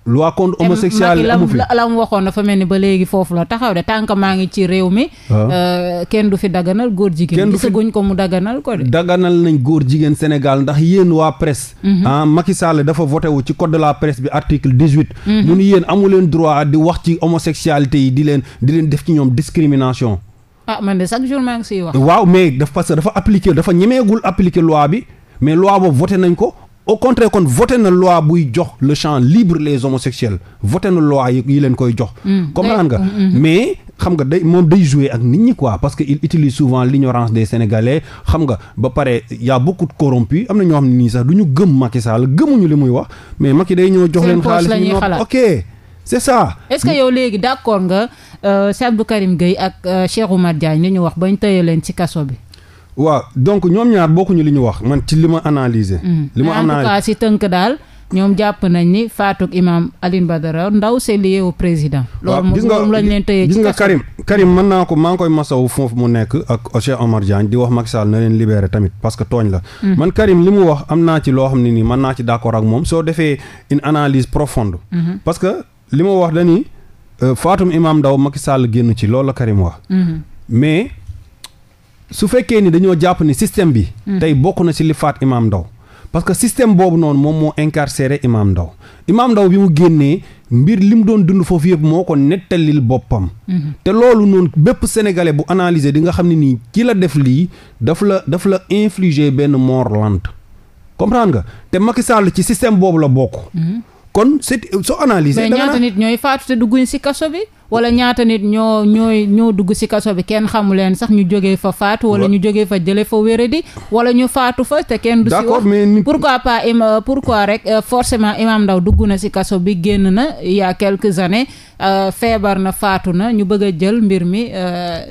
loi contre homosexualité amu dafa mel ni ba léegi foofu la taxaw de tànk maa ngi ci réew mi. Ah. Euh, kenn du fi daganal góor jigéen. kenn du fi gisaguñ ko mu daganal ko de. nañ góor jigéen Sénégal ndax yéen waa presse. Mhm. ah Macky dafa voté wu ci code de la presse bi article dix huit. Mhm. leen droit di wax ci homosexualité yi di leen di leen def ci ñoom discrimination. ah man de chaque ngi siy waaw mais dafa parce que dafa appliquer dafa ñemeegul appliquer loi bi mais loi nañ ko au contraire kon voté na loi buy jox le champ libre les homosexuels voté na loi yi leen koy jox. Mm. comprendre nga mm-hmm. mais xam nga day moom day jouer ak nit ñi quoi parce que il utilise souvent l'ignorance des sénégalais xam nga ba pare y a beaucoup de corrompus am na ñoo xam ne nii sax du ñu gëm Macky Sall gëmuñu li muy wax mais Macky day ñëw jox leen. xaalis ñu ok c'est ça. est-ce que yow léegi d'accord nga euh, Abdou Karim Gueye ak euh, Cheikh Oumar Diagne li ñu wax bañ tëye leen ci kaso bi. waaw donc ñoom ñaar bokkuñu li ñu wax man ci li ma analyser mm. li ma analyser en tout cas si tënk daal ñoom jàpp nañ ni faatuk imam Alioune Badara Ndao c'est lié au président. loolu moom lañ leen tëyee gis nga Karim Karim mën naa ko maa ngi koy masawu foofu mu nekk ak Cheikh Omar Diagne di wax Macky Sall na leen libéré tamit parce que tooñ la. Mm. man Karim li mu wax am naa ci loo xam ni nii mën naa ci d'accord ak moom soo defee une analyse profonde. Mm-hmm. parce que li ma wax dañuy euh, faatum imam Ndao Macky Sall génn ci loolu la Karim su fekkee ni dañoo jàpp ni système bi. Hmm. tey bokk na si li faat Imaam Ndao parce que système boobu noonu moom moo incarcéré Imaam Ndao Imaam Ndao bi mu génnee mbir li mu doon dund foofu yëpp moo ko nettalil boppam. Hmm. te loolu noonu bépp sénégalais bu analyser di nga xam ne nii ki la def lii daf la daf la infliger benn mort lente comprendre nga te Macky Sall ci système boobu la bokk. Hmm. kon c'est soo analyser. ñooy faatu te dugguñ ci kaso bi. wala ñaata nit ñoo ñooy ñoo dugg ci kaso bi kenn xamu leen sax ñu jógee fa faatu. wala ñu jógee fa jëlee fa wéradi. wala ñu faatu fa te kenn du ci wax. d'accord mais pourquoi pas euh, pourquoi rek euh, forcement Imam Ndao dugg na ci kaso bi génn na il y a quelques années euh, feebar na faatu na ñu bëgg a jël mbir mi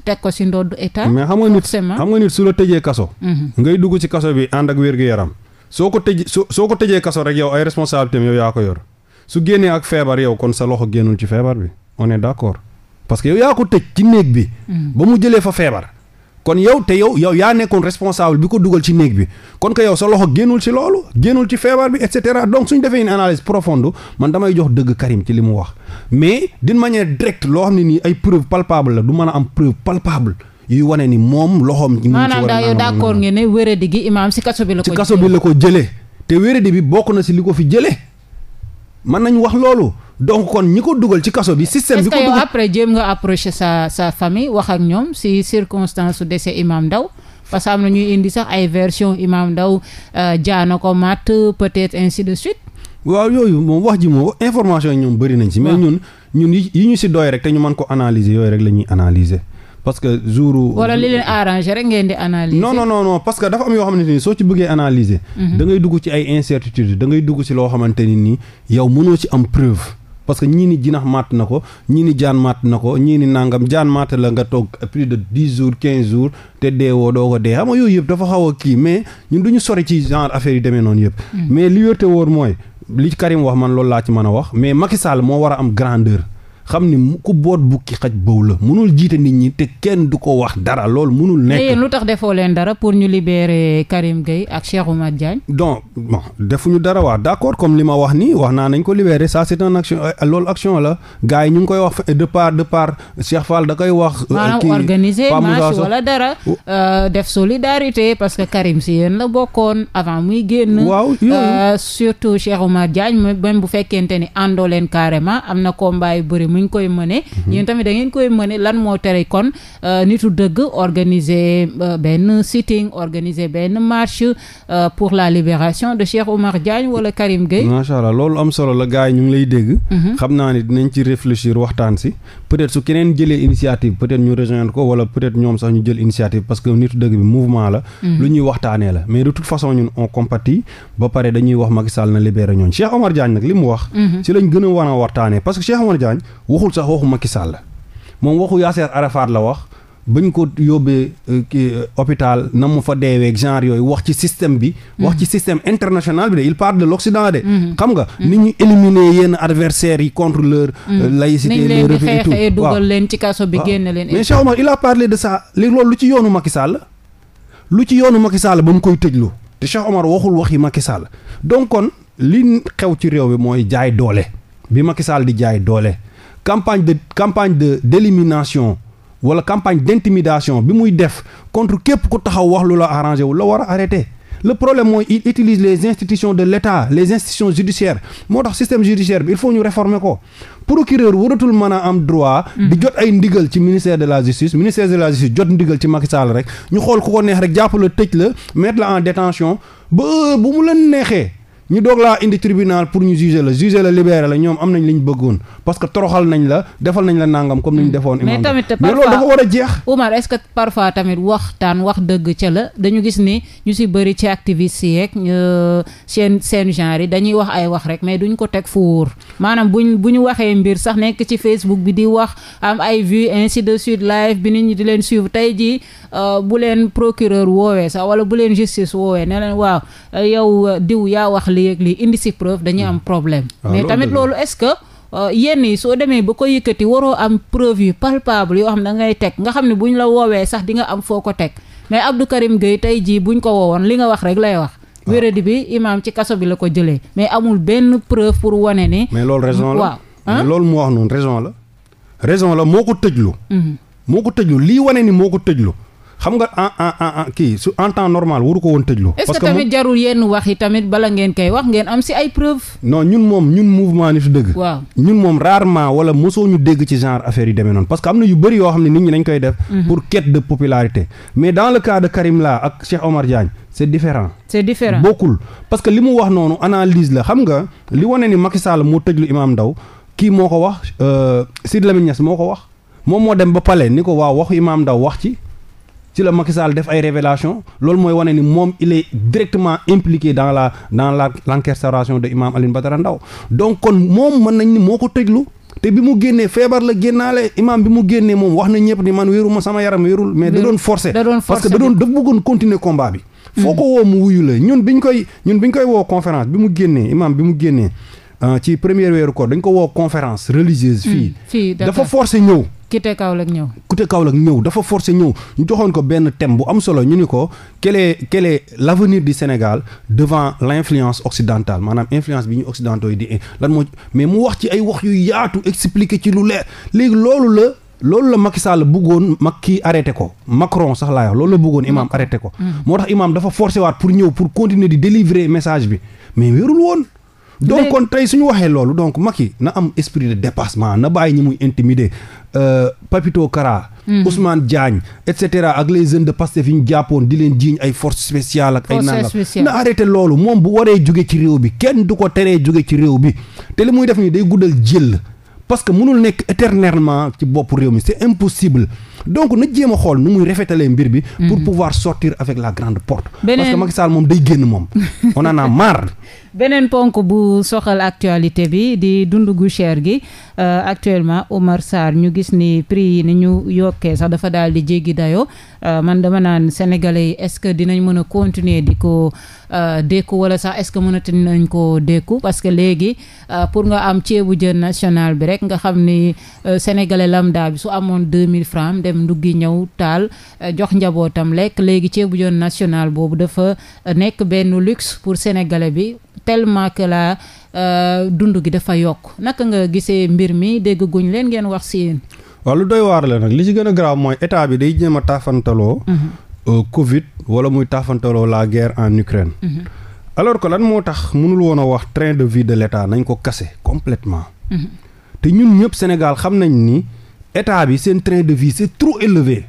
teg ko ci ndoddu état. mais xam nga nit xam nga su la tëjee kaso. Mhm. ngay dugg ci kaso bi ànd ak wér yaram soo ko tëj soo ko tëjee kaso rek yow ay responsabilités yow yaa ko yor. su génnee ak feebar yow kon sa loxo génnul ci feebar bi on est d'accord parce que yow yaa ko tëj ci néeg bi. Mm. ba mu jëlee fa feebar. kon yow te yow yow yaa nekkoon responsable bi ko dugal ci néeg bi kon que yow sa loxo génnul ci loolu génnul ci feebar bi et cetera donc suñ defee une analyse profonde man damay jox dëgg Karim ci li mu wax mais d'une manière direct loo xam ne nii ay preuve la du mën a am preuve palpable yuy wane ni moom loxoom. ci maanaam daa yow d'accord ngeen ne wéradi gi imaam ci kaso bi la ko. ci kaso bi la ko jëlee te wéradi bi bokk na ci li ko fi jëlee. mën nañu wax loolu donc kon ñi ko dugal ci kaso bi système bi ko dugal après jéem nga approché sa sa famille wax ak ñoom si circonstance su décès Imam Ndao parce am na ñuy indi sax ay version Imam Ndao euh, jaana ko matt peut-être ainsi de suite waaw yooyu moom wax ji moom information yi ñoom bëri nañ si mais ñun ñun yi ñu si doy rek te ñu mën ko analyser yooyu rek la ñuy analyser parce que jour. wala li leen arrangé rek ngeen di analyser. non non non non parce que dafa am yoo xamante ni soo ci bëggee analyser. Mhm. da ngay dugg ci ay incertitudes da dugg ci loo xamante ni nii yow mënoo ci am preuve. parce que ñii ni jinax matt na ko ñii jaan matt na ko ñii ni nangam jaan matt la nga toog plus de dix jours quinze jours te deewoo doo ko dee xam yooyu yëpp dafa xaw kii mais ñun duñu ñu sori ci genre affaire yi noonu yëpp. Mhm. mais li wérte wóor mooy li Karim wax man loolu laa ci mën a wax mais Macky Sall moo war a am grandeur. xam ni ku boot bukki xaj bëw la mënul jiite nit ñi te kenn du ko wax dara lool mënul nekk. yéen lu tax defoo leen dara pour ñu libérer Karim Gueye ak Cheikh Oumar Diagne. donc defu ñu dara waa d' accord comme li ma wax nii wax naa nañ ko libérer ça c' est un action euh, loolu action la gars yi ñu ngi koy wax de part de part Cheikh Fall da koy wax. Euh, kii organiser marche wala dara. Euh, def solidarité parce que Karim si yéen la bokkoon avant muy génn. waaw surtout Cheikh Oumar bu fekkente ni àndoo leen carrément am na combat yu mu ngi koy mëne mhm. yéen tamit da ngeen koy mëne lan moo tere kon euh, nitu dëgg organiser euh, benn sitting organiser benn marche euh, pour la libération de Cheikh Oumar Diagne wala Karim Gueye macha allah loolu am solo la gars yi ñu ngi lay dégg mhm. xam naa ni dinañ si peut-être su keneen jëlee initiative peut-être ñu rejoindre nitu dëgg bi mouvement la mhm. lu ñuy waxtaanee la mais de toute façon ñun on compatit ba pare dañuy wax Macky na libéré ñoon Cheikh Oumar Diagne nag li mu wax ci lañ gën a war a waxtaanee parce que waxul sax waxu Macky Sall moom waxu Yasser Arafat la wax bañ ko yóbbee euh, kii euh, hôpital na mu fa deewee genre yooyu wax ci système bi. Mm-hmm. wax ci système international bi de il parle de l'Occident de. Mm-hmm. xam nga mm-hmm. ni ñu éliminer yenn adversaires yi contre leur. Euh, la leur refus et tout nañ dugal leen ci kaso bi génne leen. a de ça li loolu lu ci yoonu Macky Sall lu ci yoonu Macky Sall ba mu koy tëjlu te Cheikh Omar waxul waxi Macky Sall donc kon li xew ci réew bi mooy jaay doole bi Macky Sall di jaay doole. campagne de campagne de d'élimination wala campagne d'intimidation bi muy def contre képp ku taxaw wax lu la arrangé wu la war a arrêté le problème mooy il utilise les institutions de l'État les institutions judiciaires moo tax système judiciaire bi il faut ñu réformer ko procureur waratul mën a am droit di mm. jot ay ndigal ci ministère de la justice ministère de la justice jot ndigal ci Macky Sall rek ñu xool ku ko neex rek jàpp la tëj la mettre la en ñu doog laa indi tribunal pour ñu juger la juger la libéré la ñoom am nañ li ñu bëggoon parce que toroxal nañ la defal nañ la nangam comme ni ñu mm. defoon. mais tamit parfois mais loolu dafa a jeex. Umar est-ce waxtaan wax dëgg ca la dañu gis ni ñu si bëri ci activiste yeeg euh, seen seen genre yi dañuy wax ay wax rek mais duñ ko teg fu wóor maanaam buñ bu ñu waxee mbir sax nekk ci Facebook bi di wax am ay vues ainsi de suite live bi nit ñi di leen suivre tey jii. Euh, bu leen procureur woowee sax wala bu leen justice woowee ne leen waaw yow euh, diw yaa wax li ak li indi si preuve dañuy am hmm. problème. Ah, mais tamit loolu est-ce que. Euh, yenn yi soo demee ba ko yëkkati waroo am preuve yu palpable yoo xam ne da ngay teg nga xam ne ñu la woowee sax di nga am foo ko teg mais Abdou Karim Gueye tey jii buñ ko woowoon li nga wax rek lay wax. Ah. wéradi bi imaam ci kaso bi la ko jëlee. mais amul benn preuve pour wane ne. mais loolu raison la waaw loolu mu wax la. raison la moo ko tëjlu. Mhm. moo ko tëjlu lii moo ko tëjlu. xam nga en en en kii su en temps normal waru ko woon tëjloo. parce que est ce que tamit jarul yenn wax yi tamit bala ngeen koy wax ngeen am si ay preuve non ñun moom ñun mouvement nitu dëgg. ñun moom rarement wala mosoo ñu dégg ci genre affaire yi demee noonu parce que am na yu bëri yoo xam ne nit ñi dañ koy def. Mhm. pour quête de mais dans le ak Cheikh Omar Diagne c' différent. c' différent bokkul parce que li mu wax noonu analyse la xam nga euh, ba pale ni ko waaw waxu Imam Ndao ci la Macky def ay révélation loolu mooy wane ni moom il est directement impliqué dans la dans la l'incarcération de Imam Alioune Badara Ndao donc kon moom mën nañ ni moo ko tëjlu te bi mu génnee feebar la génnaale imam bi mu génnee moom wax na ñëpp ni man wéeru ma sama yaram wéerul mais da doon forcer parce que doon daf bëggoon continuer combat bi hmm. foo ko woo mu wuyu la ñun bi ñu koy ñun bi ñu koy woo conférence bi mu génnee imam bi mu génnee euh, ci première weeru ko dañ ko woo conférence religieuse fii hmm. dafa forcer ñëw quitté Kaolack ñëw. quitté Kaolack ñëw dafa forcé ñëw ñu joxoon ko benn thème bu am solo ñu ni ko quel est quel est l' avenir du Sénégal devant l' influence occidentale maanaam influence bi ñu occidentaux yi di lan moo mais mu wax ci ay wax yu yaatu expliqué ci lu leer léegi loolu la. loolu la Macky Sall bëggoon mag kii arrêté ko Macron sax laa wax loolu la bëggoon imam arrêté ko. Mm. moo tax imam dafa forcé pour ñëw pour continuer di délivrer message bi mais wérul woon. donc kon tey suñu waxee loolu donc Macky na am esprit de dépassement na bàyyi ñi muy intimider euh, Papito Kara mm -hmm. Ousmane et cetera ak les jeunes de Pastef yi ñu jàppoon di leen jiiñ ay force spéciale ak ay nangam na arrêté loolu moom bu waree jóge ci réew bi kenn du ko teree jóge ci réew bi te li muy def nii day guddal jël parce que mënul nekk éternellement ci bopp réew mi c'est impossible donc na jéem a xool nu muy rafetalee mbir bi. pour mhm. pouvoir sortir avec la grande porte. parce que moom day génn moom on en a beneen ponk bu soxal actualité bi di dund gu cher gi euh, actuellement Oumar Sarr ñu gis ni prix yi ni ñu yokkee sax dafa daal di jéggi dayoo euh, man dama naan sénégalais yi est-ce que dinañ mën a continuer di ko euh, dékku wala sax est-ce que mënati nañ ko dékku parce que léegi euh, pour nga am ceebu jën national bi rek nga xam ni euh, sénégalais lambda bi su amoon 2000 francs dem nduggi ñëw taal euh, jox njabootam lekk léegi ceebu jën national boobu dafa nekk benn luxe pour sénégalais bi. tellement que la euh, dund gi dafa yokk naka nga gisee mbir mi dégg guñ leen ngeen wax si yéen. waaw lu doy waar la nag li ci gën a mooy état bi day jéem a taafantaloo. Mhm. Euh, Covid wala muy taafantaloo la guerre en Ukraine. Mhm. alors que lan moo tax mënul woon a wax train de vie de l'état nañ ko kase complètement mhm. te ñun ñëpp Sénégal xam nañ ni état bi seen train de vie c'est trop élevé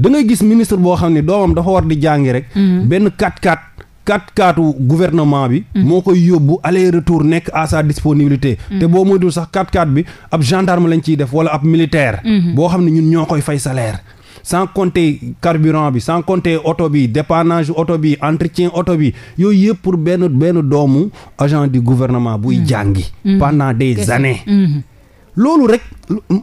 da ngay gis ministre boo xam ne doomam dafa war di jàngi rek benn 4-4 quatre quatre gouvernement bi. Mm-hmm. moo koy yóbbu aller retour nekk à sa disponibilité. Mm-hmm. te boo moytuwul sax quatre quatre bi ab gendarme lañ ciy def wala ab militaire. Mm-hmm. boo xam ne ñun ñoo koy fay saleer sans compter carburant bi sans compter oto bi dépannage oto bi entretien oto bi yooyu yëpp pour benn benn doomu agent du gouvernement buy jàngi. pendant des années. loolu rek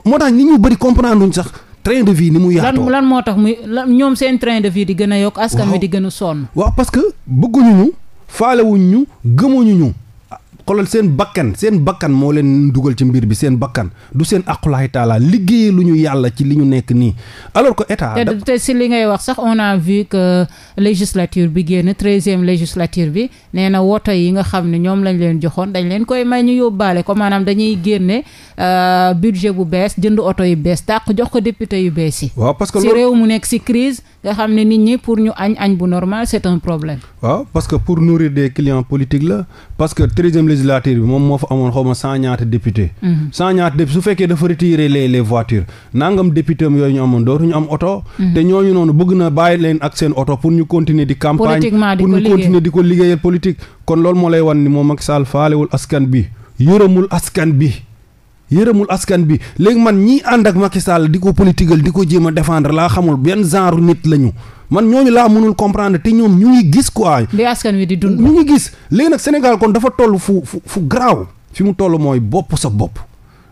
moo tax nit ñu bëri comprendre sax. train de vie ni mu yaatoo lan moo tax muy ñoom seen train de vie di gën a yokk askan wi di gën a sonn waaw parce que bëgguñu ñu faalewuñ ñu gëmuñu ñu xoolal seen bakkan seen bakkan moo leen dugal ci mbir bi seen bakkan du seen aqulaay taala liggéey lu ñu yàlla ci li ñu nekk nii alors que état. te si li ngay wax sax on a vu que législature bi génn treizième législature bi nee na woto yi nga xam ne ñoom lañ leen joxoon dañ leen koy may ñu yóbbaale ko maanaam dañuy génne euh, budget bu bees jënd oto yu bees tàq jox ko député yu bees yi. waaw parce que si réew mu nekk si crise nga xam ne nit ñi pour ñu añ añ bu normal c'est un problème. la législative bi moom moo fa amoon xaw ma cent ñaata député mhm. cent ñaata député su fekkee dafa retirer les les voitures nangam député yooyu ñu amoon dootuñu am oto mhm. te ñooñu noonu bëgg na bàyyi leen ak seen oto pour kon loolu moo lay wan ni moom Macky faalewul askan bi yërëmul askan bi yërëmul askan bi léegi man ñii ànd ak Macky di ko politigal di ko jéem a laa xamul benn genre nit lañu man ñooñu laa mënul comprendre te ñoom ñu ngi gis quoi. li askan wi di dund. ñu ngi gis léegi nag Sénégal kon dafa toll fu fu fu garaaw fi mu toll mooy bopp sa bopp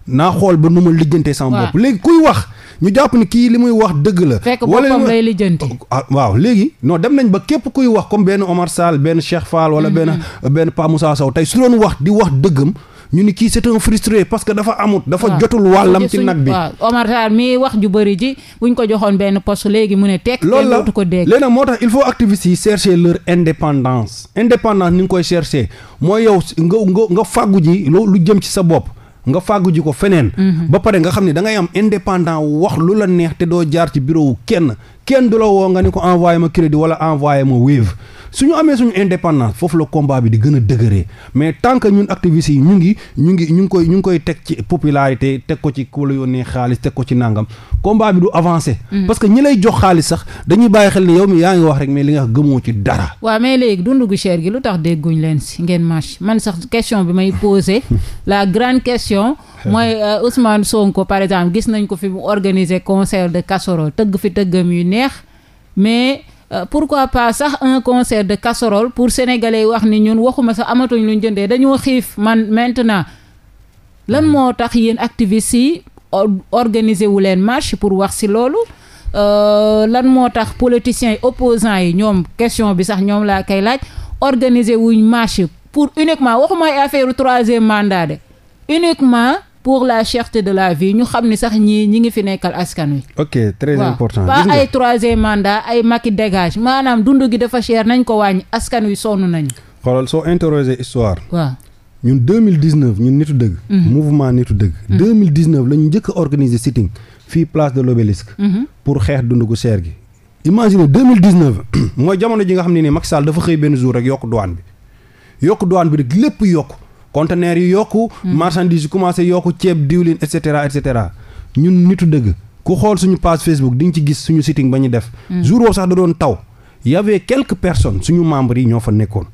naa xool ba nu ma lijjantee sama bopp. léegi kuy wax ñu jàpp ni kii li muy wax dëgg la. fekk boppam lay lijjanti ah, waaw léegi. noo dem nañ ba képp kuy wax comme benn omarsal benn Cheikh Fall wala mm-hmm. benn benn Pa Moussa Sow tey su doon wax di wax dëggam. ñu ni kii c'est un frustré que dafa amut dafa jotul wàllam ci nag bi waaw Omar Sarr mii wax ju bëri ji buñ ko joxoon benn poste léegi mu ne tekk lool la ko dégg léegi moo tax il faut activistes yi chercher leur indépendance indépendance ni nga koy chercher mooy yow nga nga nga fàggu ji lu jëm ci sa bopp nga fàggu ji ko feneen mhm. ba pare nga xam ne da ngay am indépendant wax lu la neex te doo jaar ci bureau wu kenn kenn du la woo nga ni ko envoyé ma crédit wala envoyé ma Wave su ñu amee suñu indépendance foofu la combat bi di gën a dëgëree mais tant que ñun activistes yi ñu ngi ñu ngi ñu ngi koy ñu ngi koy teg ci popularité teg ko ci ku la neex xaalis teg ko ci nangam combat bi du avancé. Mm. parce que ñi lay jox xaalis sax dañuy bàyyi xel ne yow mi yaa ngi wax rek mais li nga gëmoo ci dara. waaw mais léegi dundu gu cher gi lu tax dégguñ leen si ngeen marche man sax question bi may poser la grande question. mooy euh, Ousmane Sonko par exemple gis nañ ko fi mu organiser concert de casserole tëgg fi tëggam yu neex mais. Euh, pourquoi pas sax un concert de casserole pour sénégalais wax ni ñun waxuma sax amatuñ luñ jëndee dañoo xiif man maintenant lan mhm. moo tax yéen activistes yi organiser wu leen marché pour wax si loolu euh, lan moo tax politiciens yi opposants yi ñoom question bi sax ñoom laa koy laaj organiser wuñ marché pour uniquement waxuma ay affaire troisième mandat de uniquement pour la cherté de la vie ñu xam ni sax ñii ñi ngi fi nekkal askan wi. ok très ouais. important ay troisième mandat ay Macky dégage maanaam dund gi dafa cher nañ ko wàññi askan wi sonn nañu. xoolal soo interroger histoire. waaw ñun 2019 ñun nitu dëgg. Mhm. mouvement nitu dëgg. 2019 la ñu njëkk a organiser sitting fii place de l'obélisque mhm. pour xeex dund gu cher gi. imagine 2019 mooy jamono ji nga xam ne nii Macky Sall dafa xëy benn jour rek yokk douane bi yokk douane bi rek lépp yokk. conteneur yi yokk hmm. marchandise yi commencé yokku ceeb diwlin et cetera et cetera ñun nitu dëgg ku xool suñu page Facebook di nga ci gis suñu sitting ba ñu def hmm. jour sax da doon taw y avait quelques suñu membres yi ñoo fa nekkoon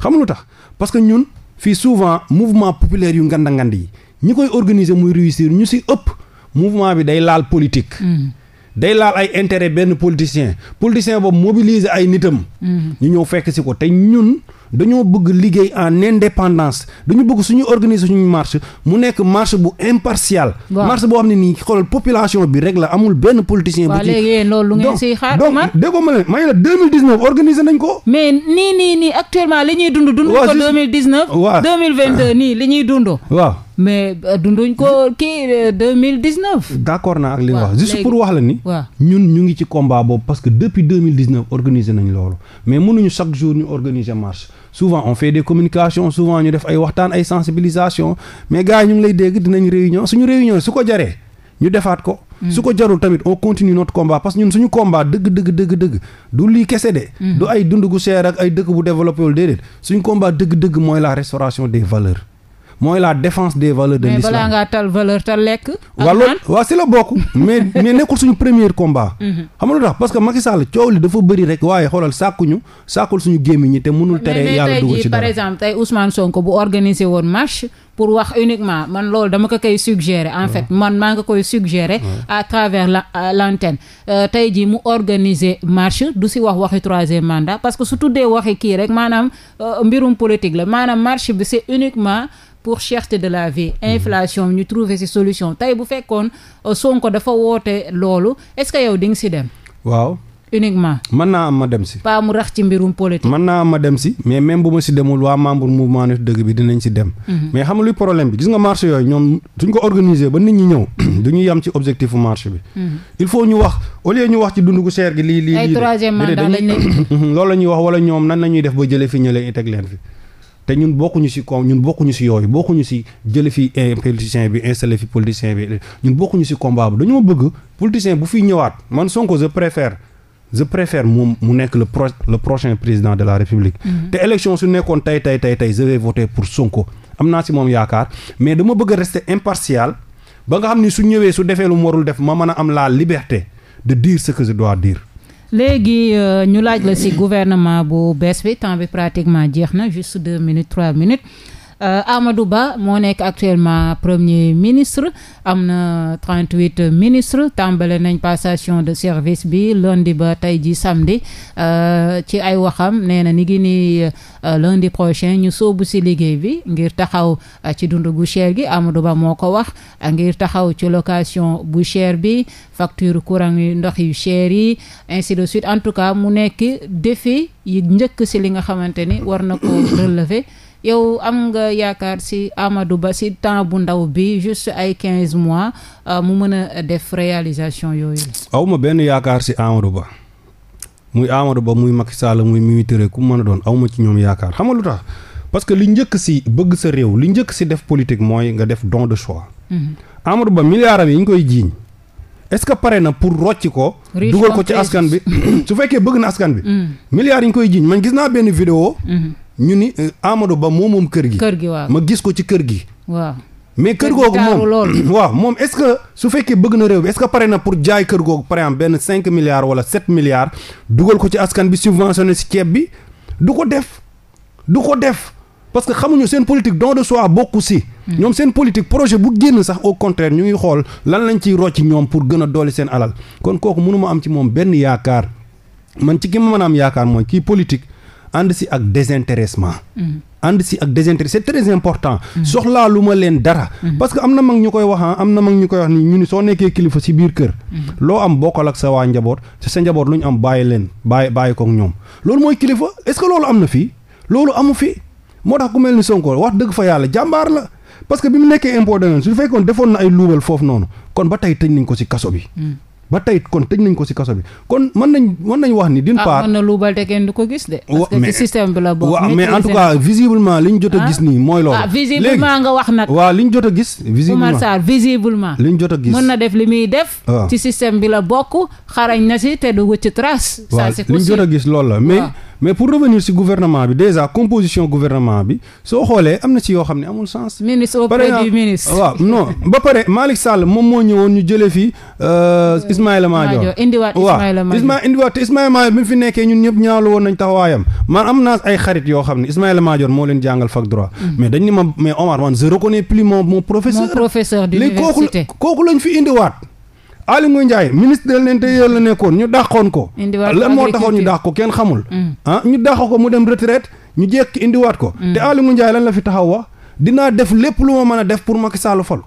xam lu tax parce que ñun fii souvent mouvement populaire yu nganda ngand yi ñi koy organiser muy réussir ñu si ëpp mouvement bi day laal politique hmm. day laal ay intérêt benn politicien politicien boobu mobiliser ay nitam ñu ñëw fekk si ko te ñun dañoo bëgg liggéey en indépendance dañu bëgg suñu organiser suñu marche mu nekk marche bu impartial marche boo xam ne nii xoolal population bi rek la amul benn politicien bu ci léegi yéen loolu lu ma ne maa ngi la 2019 nañ ko mais nii nii nii actuellement li ñuy dund dund ko 2019 waaw 2022 nii li ñuy dund waaw mais euh, dunduñ ko kii 2019. d' accord naa ak li wax juste pour wax la ni. waaw ñun ñu ngi ci combat boobu parce que depuis 2019 organiser nañ loolu mais mënuñu chaque jour ñu organiser marche souvent on fait des communications souvent ñu def ay waxtaan ay sensibilisation mais gars yi ñu ngi lay dégg dinañ réunion suñu réunion su ko jaree ñu defaat ko. Mm. su ko jarul tamit on continue notre combat parce que ñun suñu combat dëgg dëgg dëgg du lii kese de. Mm. du ay dund gu seer ak ay dëkk bu développé wul déedéet suñu combat dëgg dëgg mooy la restauration des valeurs. mooy la défense des valeurs de l'islam mais balaa ngaa tal valeur tal lekk. waaw loolu waaw si la bokk mais mais nekkul suñu première combat. Mhm. xam nga tax parce que Macky Sall coow li dafa bëri rek waaye xoolal sàkkuñu sàkkul suñu gémmiñ ñi te mënul tere yàlla dugal ci dara par exemple tey Ousmane Sonko bu organiser woon marche. pour wax uniquement man loolu dama ko koy suggérer en fait man maa nga koy suggérer à travers la euh, l'antenne euh, tey jii mu organiser marche du si wax waxi troisième mandat parce que su tuddee waxi kii rek maanaam euh, mbirum politique la maanaam marche bi c'est uniquement pour cherté de la vie mhm. inflation ñu trouver ci solution tey bu fekkoon euh, Sonko dafa woote loolu est-ce que yow di nga ci dem waaw uniquement man naa am ma dem si pas mu rax ci mbirum politique man naa am ma dem si mais même bu ma si demul waa membre mouvement Nittu Dëgg bi dinañ ci dem mhm. mais xam nga luy problème bi gis nga marché yooyu ñoom suñ ko organiser ba nit ñi ñëw du ñu yem ci objectif u marché bi mhm. il faut ñu wax au lieu ñu wax ci dundu gu seer gi lii lii lii loolu la ñuy wax wala ñoom nan la ñuy def ba jëlee fi ñëleen i teg leen fi te ñun bokkuñu ci com ñun bokkuñu ci yooyu bokkuñu ci jële fi politicien bi installé fi politicien bi ñun bokkuñu ci combat bi dañoo bëgg politicien bu fiy ñëwaat man Sonko je préfère je préfère moom mu nekk le pro le prochain président de la République. Mm-hmm. te élection su nekkoon tey tey tey tey je vais voter pour Sonko am naa si moom yaakaar mais dama bëgg a rester impartial ba nga xam ni su ñëwee su defee lu mu warul def ma mën a am la liberté de dire ce que je dire. léegi euh, ñu laaj la si gouvernement bu bees bi temps bi pratiquement jeex na juste deux minutes trois minutes Euh, Amadou Ba moo nekk actuellement premier ministre am na trent 38 ministre tàmbale nañ passation de service bi lundi ba tey ji samedi euh, ci ay waxam nee na ni ngi ni euh, lundi prochain ñu sóobu si liggéey bi ngir taxaw ci dund bu cher gi Amadou Ba moo ko wax ngir taxaw ci location bu cher bi facture courant yu ndox yu cher yi ainsi de suite en tout cas mu nekk défi yi njëkk si li nga xamante ni war na ko relever yow am nga yaakaar si Amadou Ba ci temps bu ndaw bi juste ay quinze mois euh, mu mën a def réalisation yooyu. aw ma benn yaakaar ci Amadou Ba muy Amadou Ba muy Macky Sall muy Mimi Touré ku mën a doon aw ma ci ñoom yaakaar xam nga lu tax parce que li njëkk si bëgg sa réew li njëkk si def politique mooy nga def don de choix. Mhm. Amadou Ba milliards yi ñu koy jiiñ est-ce que pare na pour rocc ko. dugal ko ci askan bi su fekkee bëgg na askan bi. Mm. milliards yi ñu koy jiiñ man gis naa benn vidéo. Mhm. ñu ni euh, amado Ba moo moom kër gi. kër gi waaw ma gis ko ci kër gi. mais kër googu moom waaw moom est-ce que su fekkee bëgg na réew bi est-ce pare na pour jaay kër googu par exemple benn cinq milliards wala sept milliards dugal ko ci askan bi subventionné si ceeb bi du ko def du ko def. parce que xamuñu seen politique don de soi bokku si. Hmm. ñoom seen politique projet bu génn sax au contraire ñu ngi xool lan lañ ciy rocc ñoom pour gën a dooli seen alal kon kooku mënuma am ci moom benn yaakaar man ci ki ma mën a am yaakaar mooy kii politique. ànd si ak désintéressement mm. ànd si ak désintérêt c'est très important mm. soxlaa lu ma leen dara mm. parce que am na mag ñu koy wax ah, am na mag ñu koy wax ni ñu ni soo nekkee kilifa si biir kër loo am bokkal ak sa waa njaboot sa njaboot lu ñu am bàyyi leen bàyyi bàyyi kook ñoom loolu mooy kilifa est-ce loolu am na fii loolu amu fi moo tax ku mel ni Sonko wax dëgg fa yàlla jàmbaar la parce que bi mu nekkee impôt domaine su fekkoon defoon na ay luubal foofu noonu kon ba tey tëj nañ ko si kaso bi ba tey kon tëj nañ ko ci kaso bi kon mën nañ mën nañu wax ni d'une ah, part mën na luubal te kenn du ko gis de parce ci système bi la bokk waaw mais en tout cas visiblement li ñu jot a gis ah. nii mooy loolu ah, visiblement nga wax nag waaw li ñu jot a gis visiblement Oumar Sarr visiblement li ñu jot a gis mën na def li muy def ci système bi la bokk xarañ na ci te du wëcc trace ça c'est possible li ñu jot a gis loolu la mais mais pour revenir si gouvernement bi déjà composition gouvernement bi soo xoolee am na si yoo xam ne amul sens. ministre auprès du ministre waaw non ba pare Malick Sall moom moo ñëwoon ñu jëlee fi euh, Ismaïla Madior indiwaat Ismaïla Madior waaw indiwaat te mu fi nekkee ñun ñëpp ñaawlu woon nañ taxawaayam man am naa ay xarit yoo xam ne Ismaïla Madior moo leen jàngal fac droit. Mm. mais dañ ni ma Omar man je reconnais plus mon professeur. mon kooku kooku lañ fi indiwaat. Aly Ngouille Ndiaye ministre de l'intérieur la nekkoon ñu dàqoon ko. lan moo taxoon ñu dàq ko kenn xamul. Mm. ah ñu dàq ko mu dem retraite ñu jékki indiwaat ko. Mm. te Aly Ngouille Ndiaye lan la fi taxaw wa dinaa def lépp lu ma mën a def pour Macky Sall falu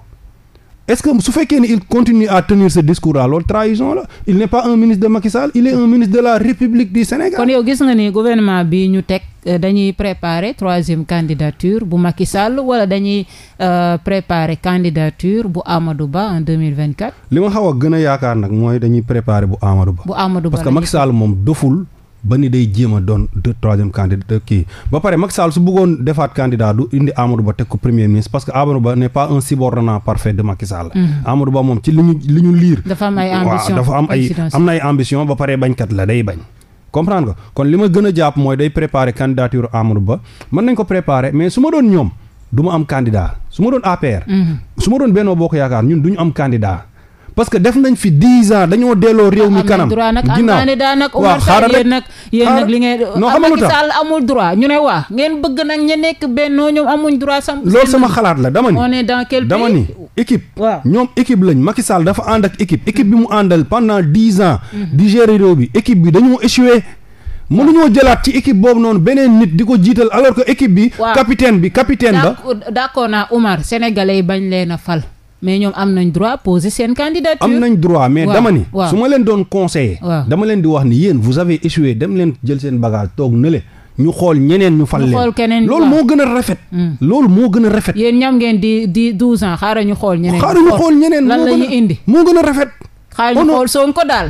est-ce que su fekkee ni il continue à tenir ce discours là loolu trahison la il n'est pas un ministre de Macky il est un ministre de la République du Sénégal. kon yow gis nga ni gouvernement bi ñu teg euh, dañuy préparer troisième candidature bu Macky Sall wala dañuy euh, préparer candidature bu Amadou Ba en 2024. li ma xaw gën a yaakaar nag mooy dañuy préparer bu Amadou Ba. bu Amadou Ba parce que Macky moom doful. ba ni day jéem a doon deux troisième candidat kii ba pare Macky Sall su bëggoon defaat candidat du indi Amadou Ba teg ko premier ministre parce que Amadou Ba n'est pas un subordonnat parfait de Macky Sall. Mm-hmm. Amadou Ba moom ci li ñu liir. dafa dafa am ay am na ay ambition ba pare bañkat la day bañ. comprendre nga kon li ma gën a jàpp mooy day préparer candidature Amadou Ba mën nañ ko préparer mais su ma doon ñoom du ma am candidat su ma doon APR. Mm-hmm. su ma doon Benno parce que def nañ fi dix ans dañoo delloo réew mi kanam ginnaaw waaw xaaral rek nag yéen nag li ngeen non xamalu tax Sall amul droit ñu ne waa ngeen bëgg nag ña nekk bennoo ñoom amuñ droit sam sama xalaat la dama ni on est dans dama ni équipe waaw ñoom équipe lañ Macky Sall dafa ànd ak équipe équipe bi mu àndal pendant dix ans mhm. di gérer réew bi équipe bi dañoo échoué mënuñoo jëlaat ci équipe boobu noonu beneen nit di ko jiital alors que équipe bi capitaine bi capitaine ba d'accord naa Oumar sénégalais yi bañ leen a fal mais ñoom am nañ droit poser seen am nañ droit mais dama ni. su ma leen doon conseiller. dama leen di wax ni yéen vous avez échoué dem leen jël seen bagage toog na le ñu xool ñeneen ñu fal leen loolu moo gën a rafet. Mm. loolu moo gën a rafet. yéen ñam ngeen di di douze ans xaaral ñu xool. ñeneen xaaral ñu xool ñeneen lan la ñuy indi moo gën a rafet. xaaral ñu xool Sonko daal.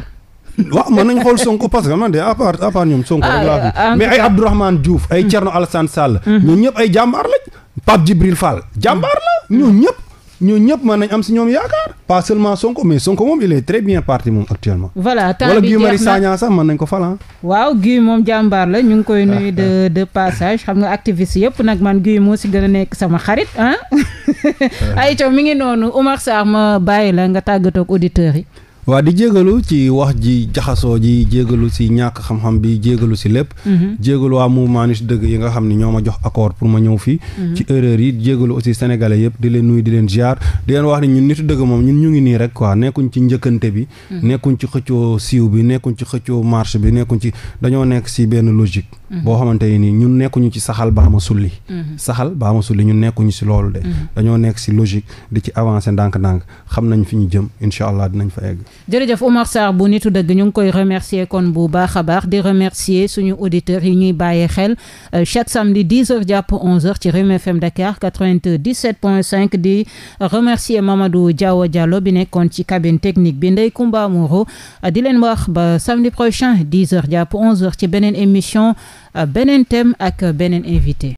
waaw mën nañu xool Sonko parce que man de à part à part ñoom Sonko rek laa fi ah, mais ay Abdourahmane Diouf ay mm. Thierno Alassane Sall. Mm-hmm. ñoo ñëpp ay jàmbaar lañ Pape la mm-hmm. ñoo ñëpp. ñoo ñëpp mën nañ am si ñoom yaakaar pas seulement Sonko mais Sonko moom il est très bien parti moom actuellement. voilà temps bi wala Guy Marius Sagna sax mën nañ ko falan waaw Guy moom jàmbaar la ñu ngi koy nuyu ah, de ah. de passage xam nga activiste yëpp nag man Guy moo si gën a nekk sama xarit ah. ayca mi ngi noonu Umar Sarr ma bàyyi la nga tàggatoo ak auditeurs yi. waa di jégalu ci wax ji jaxasoo ji jégalu si ñàkk xam-xam bi jégalu si lépp mhm. jégalu waa mouvement Dëgg yi nga xam ne ñoo ma jox accord pour ma ñëw fii mhm. ci yi jégalu aussi sénégalais yëpp di leen nuyu di leen ziar di leen wax ne ñun Nittu Dëgg moom ñun ñu ngi nii rek waa nekkuñ ci njëkkante bi mhm. nekkuñ ci xëccoo siiw bi nekkuñ ci xëccoo marche bi nekkuñ ci dañoo nekk si benn logique boo xamante ni ñun nekkuñu ci saxal baa ma sulli saxal baa ma sulli ñu nekkuñu si loolu de dañoo nekk si logique di ci avancer ndànk-ndànk xam nañ fi ñu jëm incha allah dinañ fa egg jërëjëf Oumar Sarr bu nitu dëgg ñu ngi koy remercier kon bu baax a baax di remercier suñu auditeurs yi ñuy bàyyi xel euh, chaque samedi 10h jàpp 11h ci Rewmi FM Dakar 97.5 di remercier Mamadou Diaw Diallo bi nekkoon ci cabine technique bi ndey Comba Moreau euh, di leen wax ba samedi prochain 10h jàpp 11 ci beneen émission euh, beneen thème ak beneen invité.